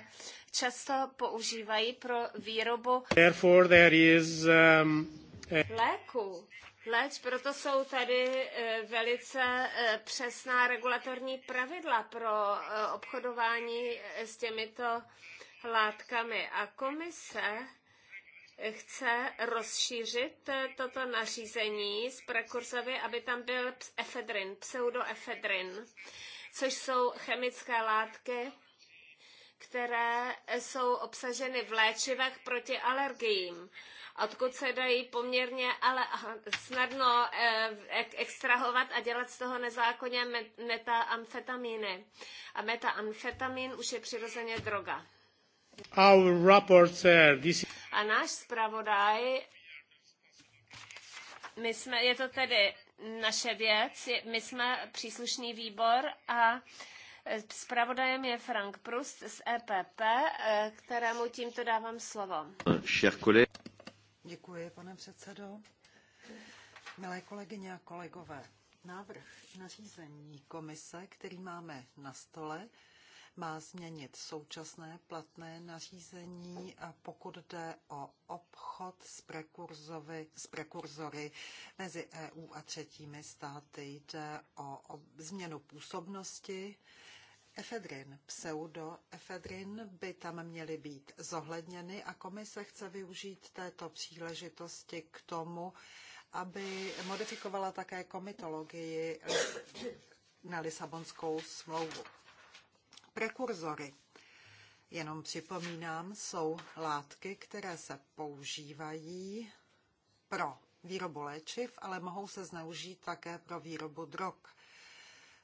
často používají pro výrobu Therefore there is, um, léku. Leč proto jsou tady eh, velice eh, přesná regulatorní pravidla pro eh, obchodování s těmito látkami. A komise chce rozšířit toto nařízení z prekurzovy, aby tam byl efedrin, pseudoefedrin, což jsou chemické látky, které jsou obsaženy v léčivech proti alergiím odkud se dají poměrně ale snadno eh, extrahovat a dělat z toho nezákonně metaamfetamíny. A metaamfetamin už je přirozeně droga. Our rapporteur, this... A náš zpravodaj, my jsme, je to tedy naše věc, my jsme příslušný výbor a eh, zpravodajem je Frank Prust z EPP, eh, kterému tímto dávám slovo. Děkuji, pane předsedo. Milé kolegyně a kolegové, návrh nařízení komise, který máme na stole, má změnit současné platné nařízení, pokud jde o obchod s, s prekurzory mezi EU a třetími státy. Jde o, o změnu působnosti, efedrin, pseudoefedrin by tam měly být zohledněny a komise chce využít této příležitosti k tomu, aby modifikovala také komitologii na Lisabonskou smlouvu. Prekurzory. Jenom připomínám, jsou látky, které se používají pro výrobu léčiv, ale mohou se zneužít také pro výrobu drog.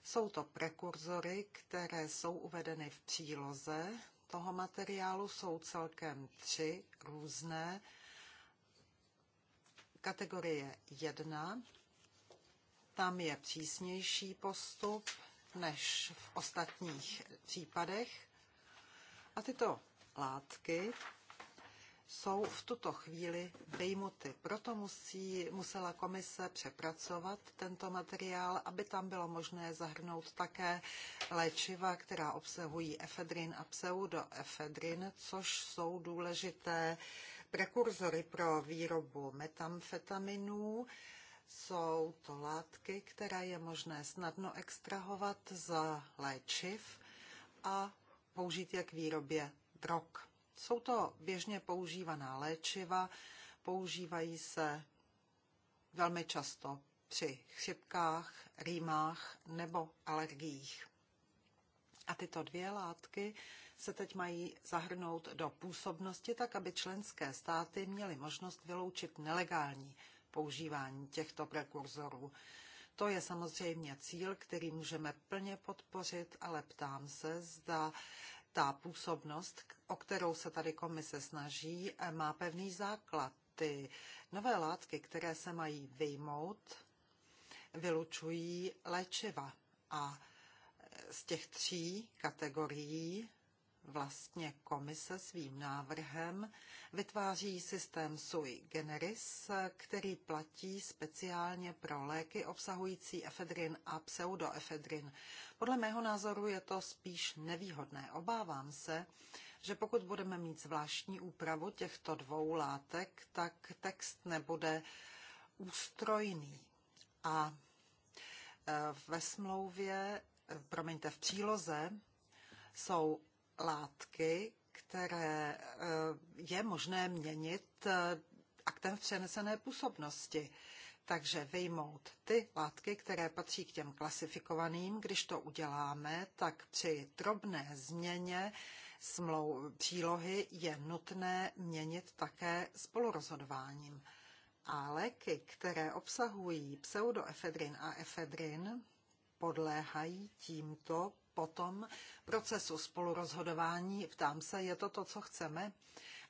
Jsou to prekurzory, které jsou uvedeny v příloze toho materiálu. Jsou celkem tři různé. Kategorie 1, tam je přísnější postup než v ostatních případech. A tyto látky jsou v tuto chvíli vejmuty. Proto musí, musela komise přepracovat tento materiál, aby tam bylo možné zahrnout také léčiva, která obsahují efedrin a pseudoefedrin, což jsou důležité prekurzory pro výrobu metamfetaminů. Jsou to látky, které je možné snadno extrahovat z léčiv a použít je k výrobě drog. Jsou to běžně používaná léčiva, používají se velmi často při chřipkách, rýmách nebo alergiích. A tyto dvě látky se teď mají zahrnout do působnosti tak, aby členské státy měly možnost vyloučit nelegální používání těchto prekurzorů. To je samozřejmě cíl, který můžeme plně podpořit, ale ptám se, zda ta působnost, o kterou se tady komise snaží, má pevný základ. Ty nové látky, které se mají vyjmout, vylučují léčiva. A z těch tří kategorií vlastně komise svým návrhem vytváří systém sui generis, který platí speciálně pro léky obsahující efedrin a pseudoefedrin. Podle mého názoru je to spíš nevýhodné. Obávám se, že pokud budeme mít zvláštní úpravu těchto dvou látek, tak text nebude ústrojný. A e, ve smlouvě, e, promiňte, v příloze jsou látky, které eh, je možné měnit eh, aktem v přenesené působnosti. Takže vyjmout ty látky, které patří k těm klasifikovaným, když to uděláme, tak při drobné změně smlou přílohy je nutné měnit také spolurozhodováním. A léky, které obsahují pseudoefedrin a efedrin, podléhají tímto potom procesu spolurozhodování. Ptám se, je to to, co chceme?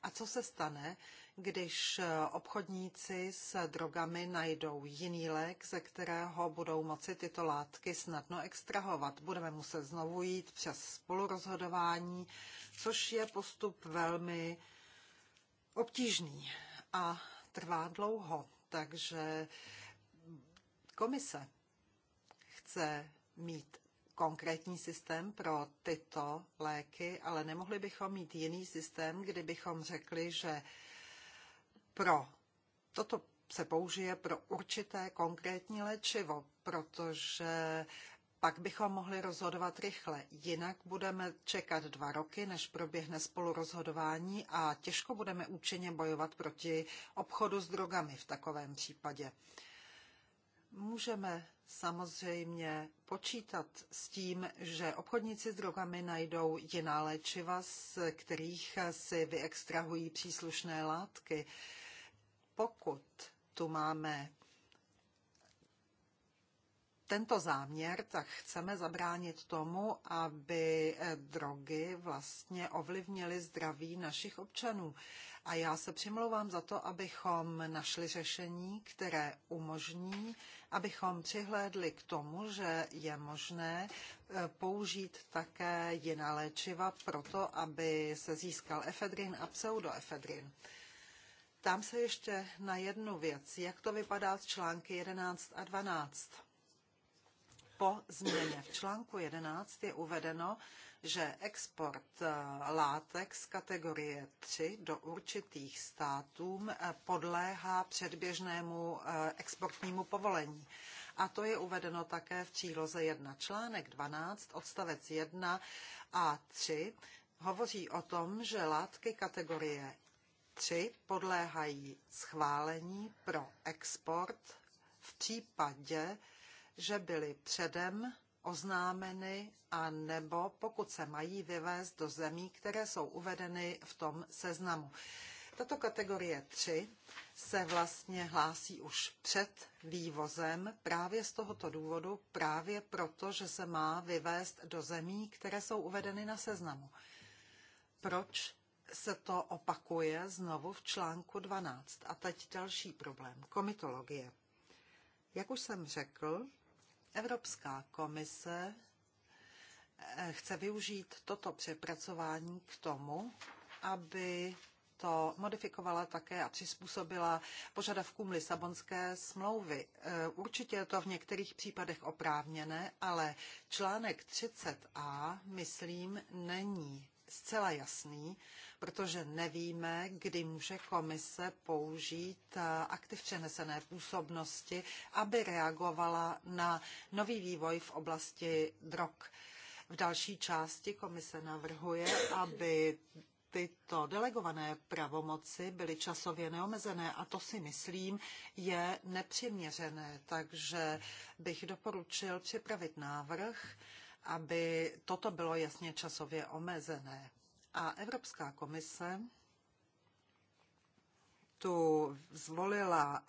A co se stane, když obchodníci s drogami najdou jiný lék, ze kterého budou moci tyto látky snadno extrahovat? Budeme muset znovu jít přes spolurozhodování, což je postup velmi obtížný a trvá dlouho. Takže komise chce mít konkrétní systém pro tyto léky, ale nemohli bychom mít jiný systém, kdybychom řekli, že pro toto se použije pro určité konkrétní léčivo, protože pak bychom mohli rozhodovat rychle. Jinak budeme čekat dva roky, než proběhne spolurozhodování a těžko budeme účinně bojovat proti obchodu s drogami v takovém případě. Můžeme samozřejmě počítat s tím, že obchodníci s drogami najdou jiná léčiva, z kterých si vyextrahují příslušné látky. Pokud tu máme tento záměr, tak chceme zabránit tomu, aby drogy vlastně ovlivnily zdraví našich občanů. A já se přimlouvám za to, abychom našli řešení, které umožní, abychom přihlédli k tomu, že je možné e, použít také jiná léčiva proto, aby se získal efedrin a pseudoefedrin. Tam se ještě na jednu věc, jak to vypadá z články 11 a 12. Po změně v článku 11 je uvedeno, že export eh, látek z kategorie 3 do určitých států eh, podléhá předběžnému eh, exportnímu povolení. A to je uvedeno také v příloze 1 článek 12 odstavec 1 a 3 hovoří o tom, že látky kategorie 3 podléhají schválení pro export v případě, že byly předem oznámeny a nebo pokud se mají vyvést do zemí, které jsou uvedeny v tom seznamu. Tato kategorie 3 se vlastně hlásí už před vývozem právě z tohoto důvodu, právě proto, že se má vyvést do zemí, které jsou uvedeny na seznamu. Proč se to opakuje znovu v článku 12? A teď další problém, komitologie. Jak už jsem řekl, Evropská komise eh, chce využít toto přepracování k tomu, aby to modifikovala také a přizpůsobila požadavkům Lisabonské smlouvy. Eh, určitě je to v některých případech oprávněné, ale článek 30a, myslím, není zcela jasný, protože nevíme, kdy může komise použít eh, aktiv přenesené působnosti, aby reagovala na nový vývoj v oblasti drog. V další části komise navrhuje, aby tyto delegované pravomoci byly časově neomezené a to si myslím je nepřiměřené, takže bych doporučil připravit návrh, aby toto bylo jasně časově omezené. A Evropská komise tu zvolila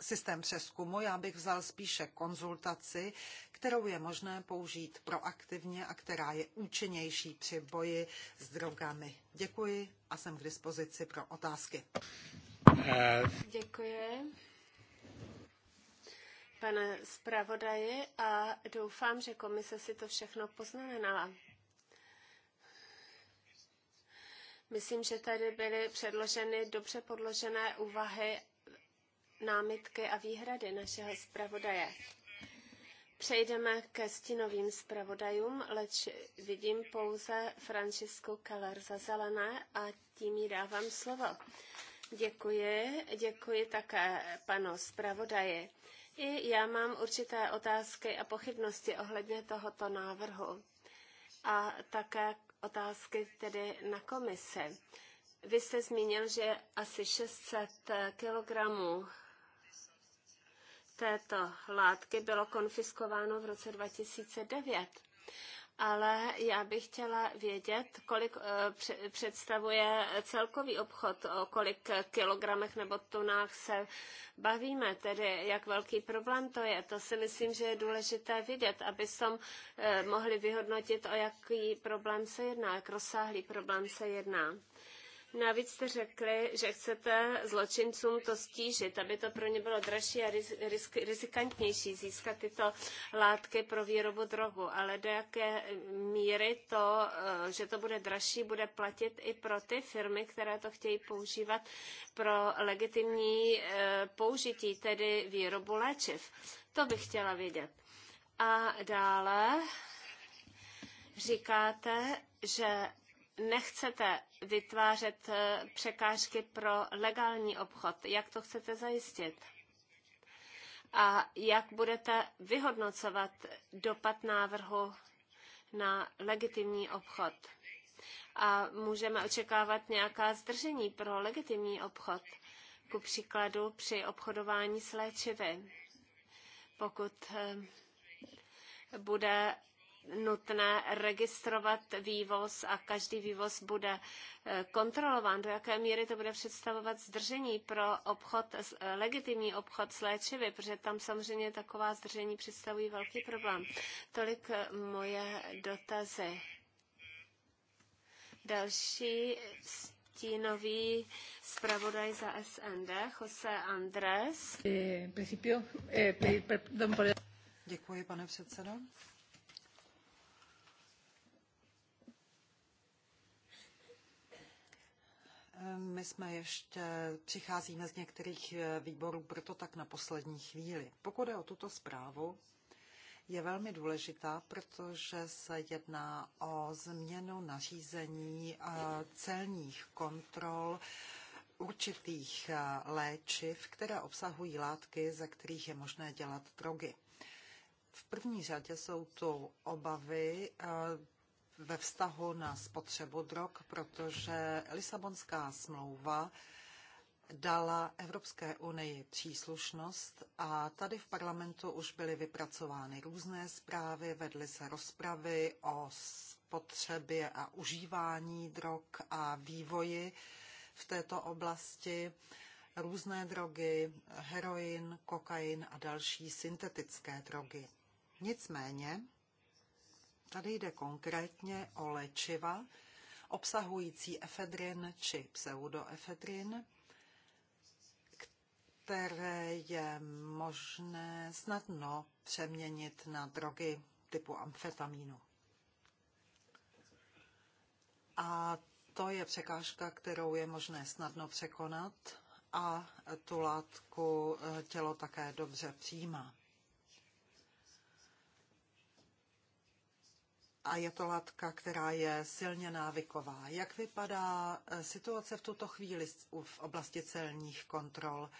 systém přeskumu, já bych vzal spíše konzultaci, kterou je možné použít proaktivně a která je účinnější při boji s drogami. Děkuji a jsem k dispozici pro otázky. Eh, Děkuji pane zpravodaji, a doufám, že komise si to všechno poznamenala. Myslím, že tady byly předloženy dobře podložené úvahy, námitky a výhrady našeho zpravodaje. Přejdeme ke stinovým zpravodajům, leč vidím pouze Francisku Keller za zelené a tím jí dávám slovo. Děkuji, děkuji také panu zpravodaji. I já mám určité otázky a pochybnosti ohledně tohoto návrhu a také otázky tedy na komisi. Vy jste zmínil, že asi 600 kilogramů této látky bylo konfiskováno v roce 2009 ale já bych chtěla vědět, kolik eh, představuje celkový obchod, o kolik kilogramech nebo tunách se bavíme, tedy jak velký problém to je. To si myslím, že je důležité vidět, aby som eh, mohli vyhodnotit, o jaký problém se jedná, jak rozsáhlý problém se jedná. Navíc jste řekli, že chcete zločincům to stížit, aby to pro ně bylo dražší a risk, rizikantnější získat tyto látky pro výrobu drogu. Ale do jaké míry to, eh, že to bude dražší, bude platit i pro ty firmy, které to chtějí používat pro legitimní eh, použití, tedy výrobu léčiv. To bych chtěla vědět. A dále říkáte, že nechcete vytvářet eh, překážky pro legální obchod. Jak to chcete zajistit? A jak budete vyhodnocovat dopad návrhu na legitimní obchod? A můžeme očekávat nějaká zdržení pro legitimní obchod, ku příkladu při obchodování s léčivy, pokud eh, bude nutné registrovat vývoz a každý vývoz bude eh, kontrolován, do jaké míry to bude představovat zdržení pro obchod, eh, legitimní obchod s léčivy, protože tam samozřejmě taková zdržení představují velký problém. Tolik eh, moje dotazy. Další stínový zpravodaj za SND, Jose Andres. Děkuji, pane předsedo. My jsme ještě, přicházíme z některých eh, výborů, proto tak na poslední chvíli. Pokud je o tuto zprávu, je velmi důležitá, protože se jedná o změnu nařízení eh, celních kontrol určitých eh, léčiv, které obsahují látky, ze kterých je možné dělat drogy. V první řadě jsou tu obavy ve vztahu na spotřebu drog, protože Lisabonská smlouva dala Evropské unii příslušnost a tady v parlamentu už byly vypracovány různé zprávy, vedly se rozpravy o spotřebě a užívání drog a vývoji v této oblasti. Různé drogy, heroin, kokain a další syntetické drogy. Nicméně Tady jde konkrétně o léčiva obsahující efedrin či pseudoefedrin, které je možné snadno přeměnit na drogy typu amfetamínu. A to je překážka, kterou je možné snadno překonat a tu látku tělo také dobře přijímá. a je to látka, která je silně návyková. Jak vypadá eh, situace v tuto chvíli v oblasti celních kontrol?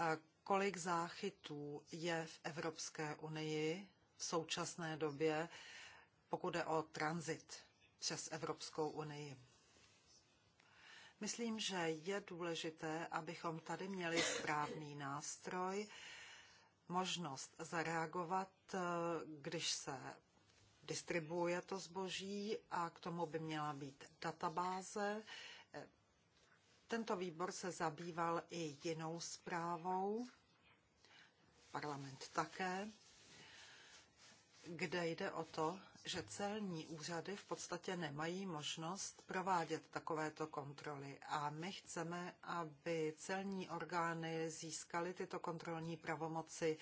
Eh, kolik záchytů je v Evropské unii v současné době, pokud jde o tranzit přes Evropskou unii? Myslím, že je důležité, abychom tady měli správný nástroj, možnost zareagovat, eh, když se distribuuje to zboží a k tomu by měla být databáze. Tento výbor se zabýval i jinou zprávou, parlament také, kde jde o to, že celní úřady v podstatě nemají možnost provádět takovéto kontroly. A my chceme, aby celní orgány získaly tyto kontrolní pravomoci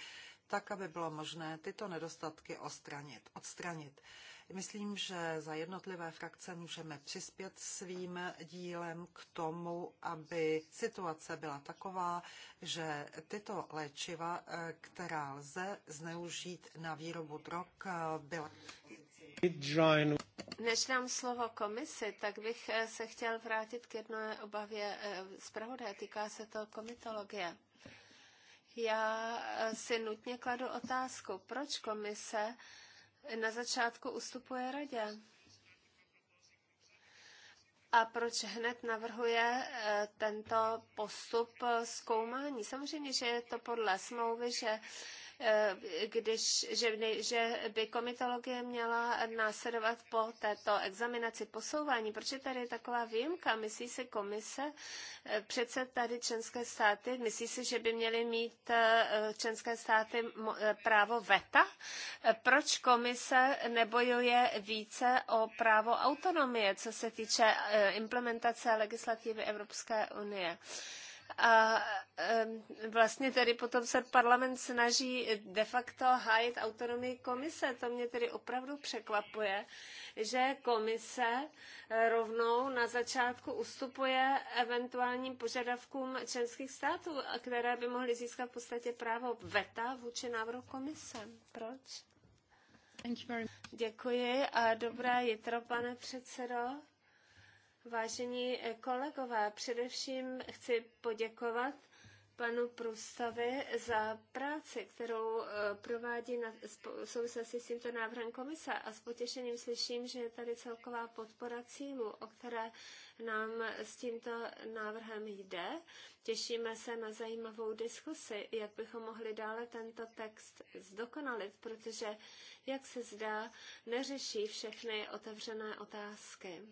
tak, aby bylo možné tyto nedostatky ostranit, odstranit. Myslím, že za jednotlivé frakce můžeme přispět svým dílem k tomu, aby situace byla taková, že tyto léčiva, která lze zneužít na výrobu drog, byla. Než dám slovo komisi, tak bych eh, se chtěl vrátit k jedné obavě eh, zpravodaje. Týká se to komitologie já eh, si nutně kladu otázku, proč komise na začátku ustupuje radě? A proč hned navrhuje eh, tento postup eh, zkoumání? Samozřejmě, že je to podle smlouvy, že Eh, když, že, že by komitologie měla následovat po této examinaci posouvání. Proč je tady taková výjimka? Myslí si komise, eh, přece tady členské státy, myslí si, že by měly mít eh, členské státy právo veta? Proč komise nebojuje více o právo autonomie, co se týče implementace legislativy Evropské unie? A vlastně tedy potom se parlament snaží de facto hájit autonomii komise. To mě tedy opravdu překvapuje, že komise eh, rovnou na začátku ustupuje eventuálním požadavkům členských států, které by mohly získat v podstatě právo veta vůči návrhu komise. Proč? Děkuji a dobré jitro, pane předsedo. Vážení kolegové, především chci poděkovat panu Prustovi za práci, kterou eh, provádí na, v souvislosti s tímto návrhem komise a s potěšením slyším, že je tady celková podpora cílů, o které nám s tímto návrhem jde. Těšíme se na zajímavou diskusi, jak bychom mohli dále tento text zdokonalit, protože, jak se zdá, neřeší všechny otevřené otázky.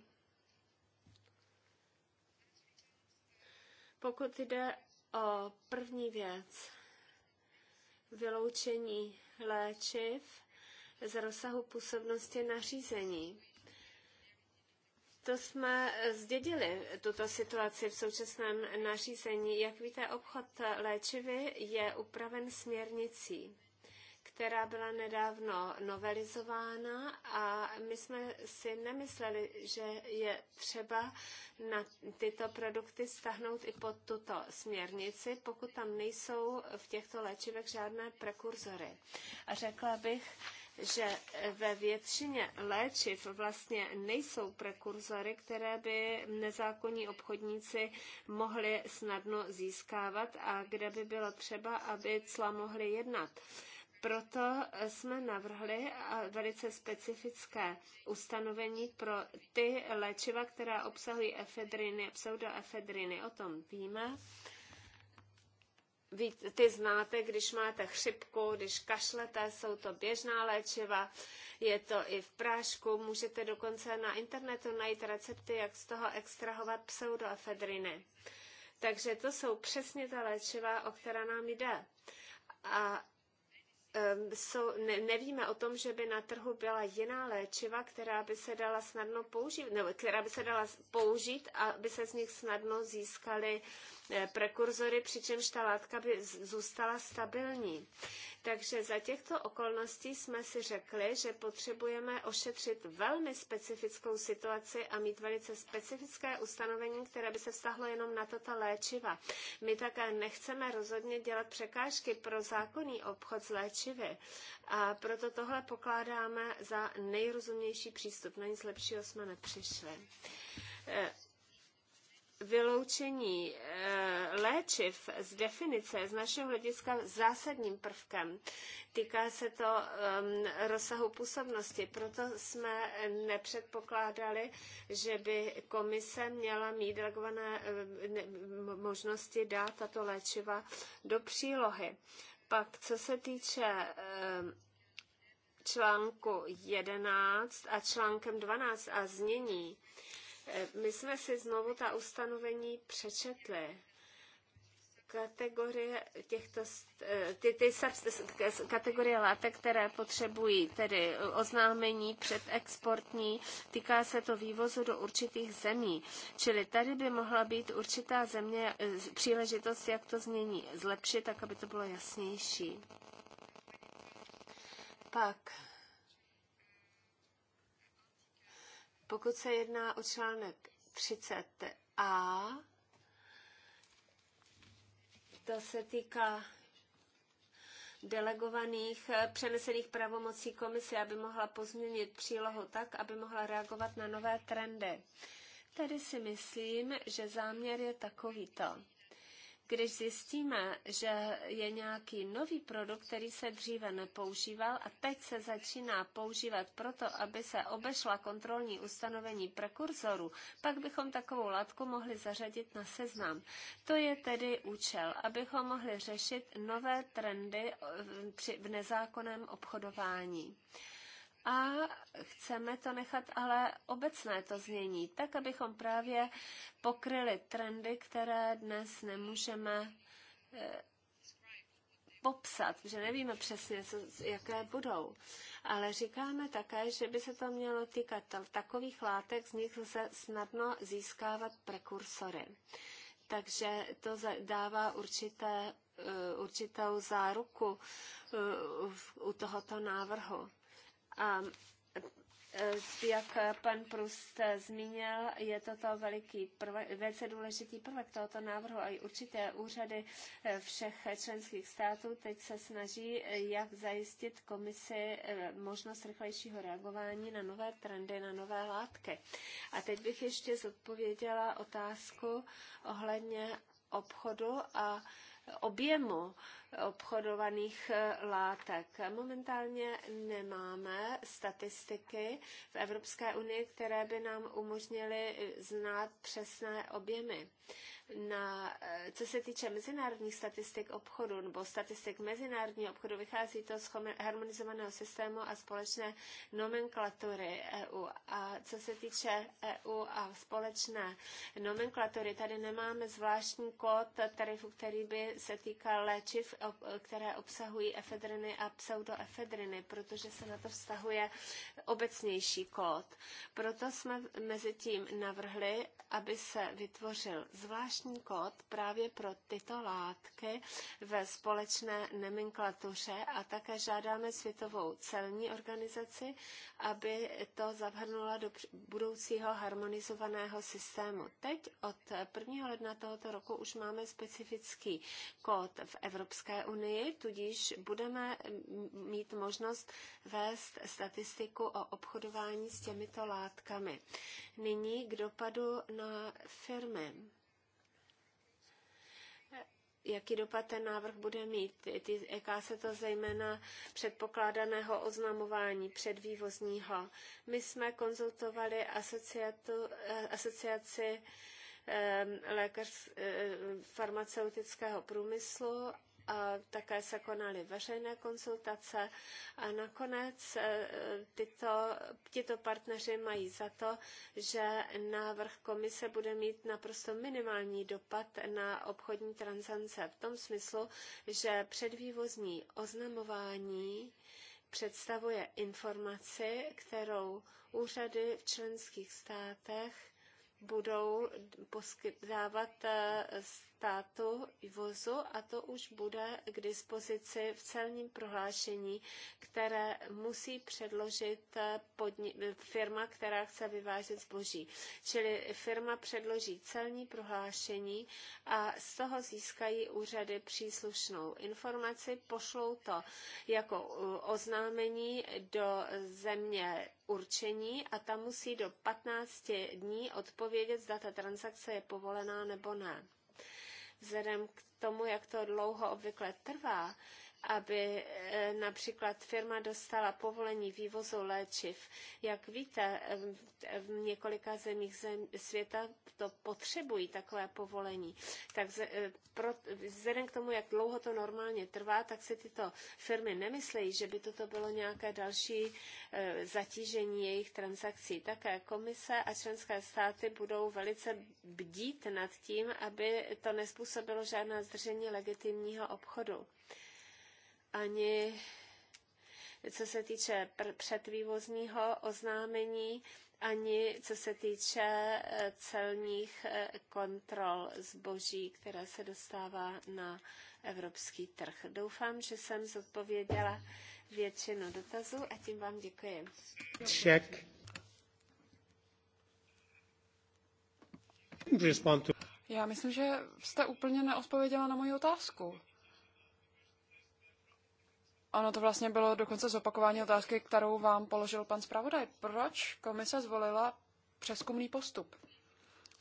Pokud jde o první věc, vyloučení léčiv z rozsahu působnosti nařízení. To jsme zdědili, tuto situaci v současném nařízení. Jak víte, obchod léčivy je upraven směrnicí která byla nedávno novelizována a my jsme si nemysleli, že je třeba na tyto produkty stahnout i pod tuto směrnici, pokud tam nejsou v těchto léčivech žádné prekurzory. A řekla bych, že ve většině léčiv vlastně nejsou prekurzory, které by nezákonní obchodníci mohli snadno získávat a kde by bylo třeba, aby cla mohly jednat. Proto jsme navrhli velice specifické ustanovení pro ty léčiva, která obsahují efedriny, pseudoefedriny. O tom víme. Vy, ty znáte, když máte chřipku, když kašlete, jsou to běžná léčiva, je to i v prášku, můžete dokonce na internetu najít recepty, jak z toho extrahovat pseudoefedriny. Takže to jsou přesně ta léčiva, o která nám jde. A Ehm, jsou, ne, nevíme o tom, že by na trhu byla jiná léčiva, která by se dala snadno použít, nebo která by se dala použít a by se z nich snadno získaly E, prekurzory, přičemž ta látka by zůstala stabilní. Takže za těchto okolností jsme si řekli, že potřebujeme ošetřit velmi specifickou situaci a mít velice specifické ustanovení, které by se vztahlo jenom na tato léčiva. My také nechceme rozhodně dělat překážky pro zákonný obchod s léčivy a proto tohle pokládáme za nejrozumější přístup. Na nic lepšího jsme nepřišli. E, vyloučení eh, léčiv z definice z našeho hlediska zásadním prvkem. Týká se to ehm, rozsahu působnosti, proto jsme nepředpokládali, že by komise měla mít delegované eh, možnosti dát tato léčiva do přílohy. Pak, co se týče ehm, článku 11 a článkem 12 a znění, my jsme si znovu ta ustanovení přečetli kategorie těchto, e, ty, ty kategorie látek, které potřebují tedy oznámení předexportní, týká se to vývozu do určitých zemí. Čili tady by mohla být určitá země e, příležitost, jak to změní, zlepšit, tak aby to bylo jasnější. Pak Pokud se jedná o článek 30a, to se týká delegovaných eh, přenesených pravomocí komise, aby mohla pozměnit přílohu tak, aby mohla reagovat na nové trendy. Tady si myslím, že záměr je takovýto když zjistíme, že je nějaký nový produkt, který se dříve nepoužíval a teď se začíná používat proto, aby se obešla kontrolní ustanovení prekurzorů, pak bychom takovou látku mohli zařadit na seznam. To je tedy účel, abychom mohli řešit nové trendy eh, v nezákonném obchodování a chceme to nechat ale obecné to znění, tak abychom právě pokryli trendy, které dnes nemůžeme eh, popsat, že nevíme přesně, co, jaké budou. Ale říkáme také, že by se to mělo týkat takových látek, z nich se snadno získávat prekursory. Takže to dává určité, eh, určitou záruku eh, u tohoto návrhu. A e, jak pan Prust zmínil, je toto veliký prvek, velice důležitý prvek tohoto návrhu a i určité úřady e, všech členských států teď se snaží, e, jak zajistit komisi možnost rychlejšího reagování na nové trendy, na nové látky. A teď bych ještě zodpověděla otázku ohledně obchodu a objemu obchodovaných eh, látek. Momentálně nemáme statistiky v Evropské unii, které by nám umožnily eh, znát přesné objemy na, eh, co se týče mezinárodních statistik obchodu nebo statistik mezinárodního obchodu, vychází to z harmonizovaného systému a společné nomenklatury EU. A co se týče EU a společné nomenklatury, tady nemáme zvláštní kód tarifu, který by se týkal léčiv, které obsahují efedriny a pseudoefedriny, protože se na to vztahuje obecnější kód. Proto jsme mezi tím navrhli, aby se vytvořil zvláštní registrační kód právě pro tyto látky ve společné nomenklatuře a také žádáme Světovou celní organizaci, aby to zahrnula do budoucího harmonizovaného systému. Teď od 1. ledna tohoto roku už máme specifický kód v Evropské unii, tudíž budeme mít možnost vést statistiku o obchodování s těmito látkami. Nyní k dopadu na firmy jaký dopad ten návrh bude mít. Jaká se to zejména předpokládaného oznamování předvývozního. My jsme konzultovali eh, asociaci eh, lékař eh, farmaceutického průmyslu také se konaly veřejné konsultace a nakonec e, tyto, tyto partneři mají za to, že návrh komise bude mít naprosto minimální dopad na obchodní transakce v tom smyslu, že předvývozní oznamování představuje informaci, kterou úřady v členských státech budou poskytávat eh, státu vozu a to už bude k dispozici v celním prohlášení, které musí předložit eh, podni- firma, která chce vyvážet zboží. Čili firma předloží celní prohlášení a z toho získají úřady příslušnou informaci, pošlou to jako eh, oznámení do země určení a tam musí do 15 dní odpovědět, zda ta transakce je povolená nebo ne. Vzhledem k tomu, jak to dlouho obvykle trvá, aby eh, například firma dostala povolení vývozu léčiv. Jak víte, eh, v několika zemích světa to potřebují takové povolení. Tak eh, vzhledem k tomu, jak dlouho to normálně trvá, tak si tyto firmy nemyslejí, že by toto bylo nějaké další zatížení jejich transakcí. Také komise a členské státy budou velice bdít nad tím, aby to nespůsobilo žádná zdržení legitimního obchodu ani co se týče předvývozního oznámení, ani co se týče eh, celních eh, kontrol zboží, které se dostává na evropský trh. Doufám, že jsem zodpověděla většinu dotazů a tím vám děkuji. Check. Já myslím, že jste úplně neodpověděla na moji otázku. Ono to vlastně bylo dokonce zopakování otázky, kterou vám položil pan zpravodaj. Proč komise zvolila přeskumný postup?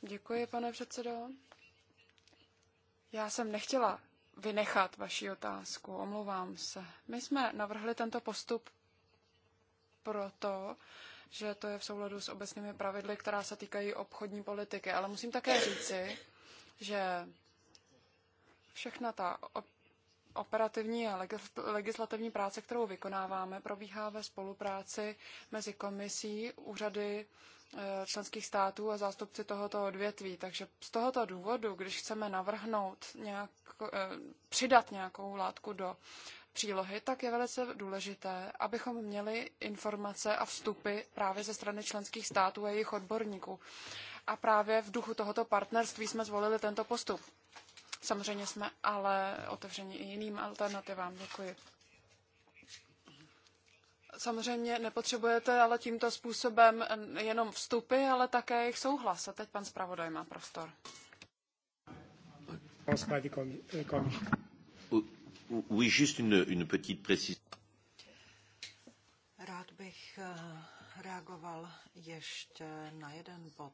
Děkuji, pane předsedo. Já jsem nechtěla vynechat vaši otázku, omlouvám se. My jsme navrhli tento postup proto, že to je v souladu s obecnými pravidly, která se týkají obchodní politiky. Ale musím také říci, že všechna ta operativní a legislativní práce, kterou vykonáváme, probíhá ve spolupráci mezi komisí, úřady eh, členských států a zástupci tohoto odvětví. Takže z tohoto důvodu, když chceme navrhnout, nějak, eh, přidat nějakou látku do přílohy, tak je velice důležité, abychom měli informace a vstupy právě ze strany členských států a jejich odborníků. A právě v duchu tohoto partnerství jsme zvolili tento postup. Samozřejmě jsme ale otevřeni i jiným alternativám. Děkuji. Samozřejmě nepotřebujete ale tímto způsobem jenom vstupy, ale také jejich souhlas. A teď pan zpravodaj má prostor. Eh, oui, juste une petite précision. Rád bych eh, reagoval ještě na jeden bod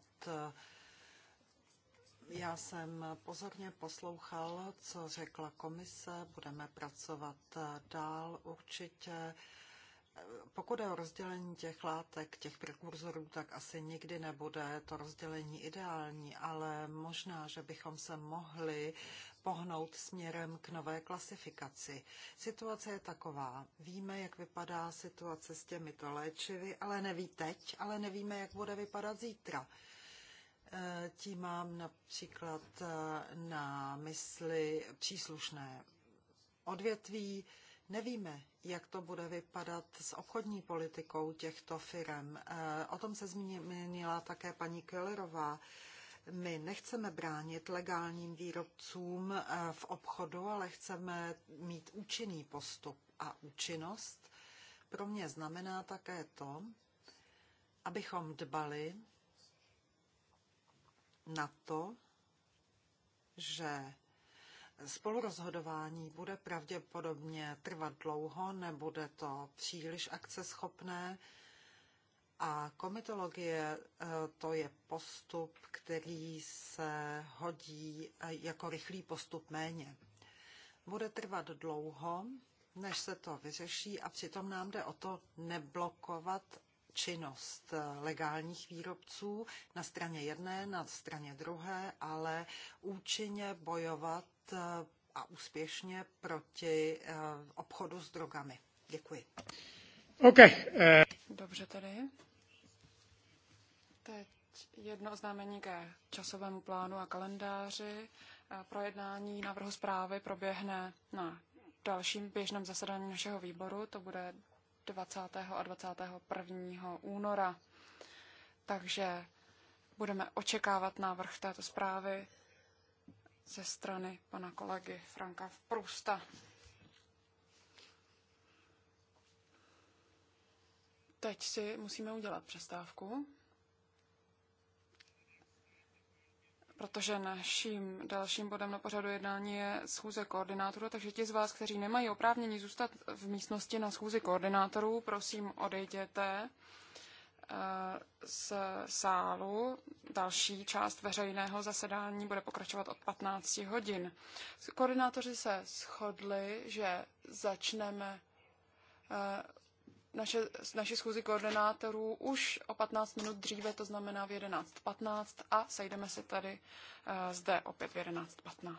já jsem pozorně poslouchal, co řekla komise, budeme pracovat dál určitě. Pokud je o rozdělení těch látek, těch prekurzorů, tak asi nikdy nebude to rozdělení ideální, ale možná, že bychom se mohli pohnout směrem k nové klasifikaci. Situace je taková. Víme, jak vypadá situace s těmito léčivy, ale neví teď, ale nevíme, jak bude vypadat zítra. Eh, tím mám například eh, na mysli příslušné odvětví. Nevíme, jak to bude vypadat s obchodní politikou těchto firm. Eh, o tom se zmínila také paní Kellerová. My nechceme bránit legálním výrobcům v obchodu, ale chceme mít účinný postup a účinnost. Pro mě znamená také to, abychom dbali na to, že spolurozhodování bude pravděpodobně trvat dlouho, nebude to příliš akceschopné a komitologie eh, to je postup, který se hodí eh, jako rychlý postup méně. Bude trvat dlouho, než se to vyřeší a přitom nám jde o to neblokovat činnost eh, legálních výrobců na straně jedné, na straně druhé, ale účinně bojovat eh, a úspěšně proti eh, obchodu s drogami. Děkuji. OK. Dobře tady. Teď jedno oznámení ke časovému plánu a kalendáři. Projednání návrhu zprávy proběhne na dalším běžném zasedání našeho výboru. To bude 20. a 21. února. Takže budeme očekávat návrh této zprávy ze strany pana kolegy Franka Prusta. Teď si musíme udělat přestávku. protože naším dalším bodem na pořadu jednání je schůze koordinátorů, takže ti z vás, kteří nemají oprávnění zůstat v místnosti na schůzi koordinátorů, prosím odejděte eh, z sálu. Další část veřejného zasedání bude pokračovat od 15 hodin. Koordinátoři se shodli, že začneme eh, naše, naši schůzi koordinátorů už o 15 minut dříve, to znamená v 11.15 a sejdeme se tady eh, zde opět v 11.15.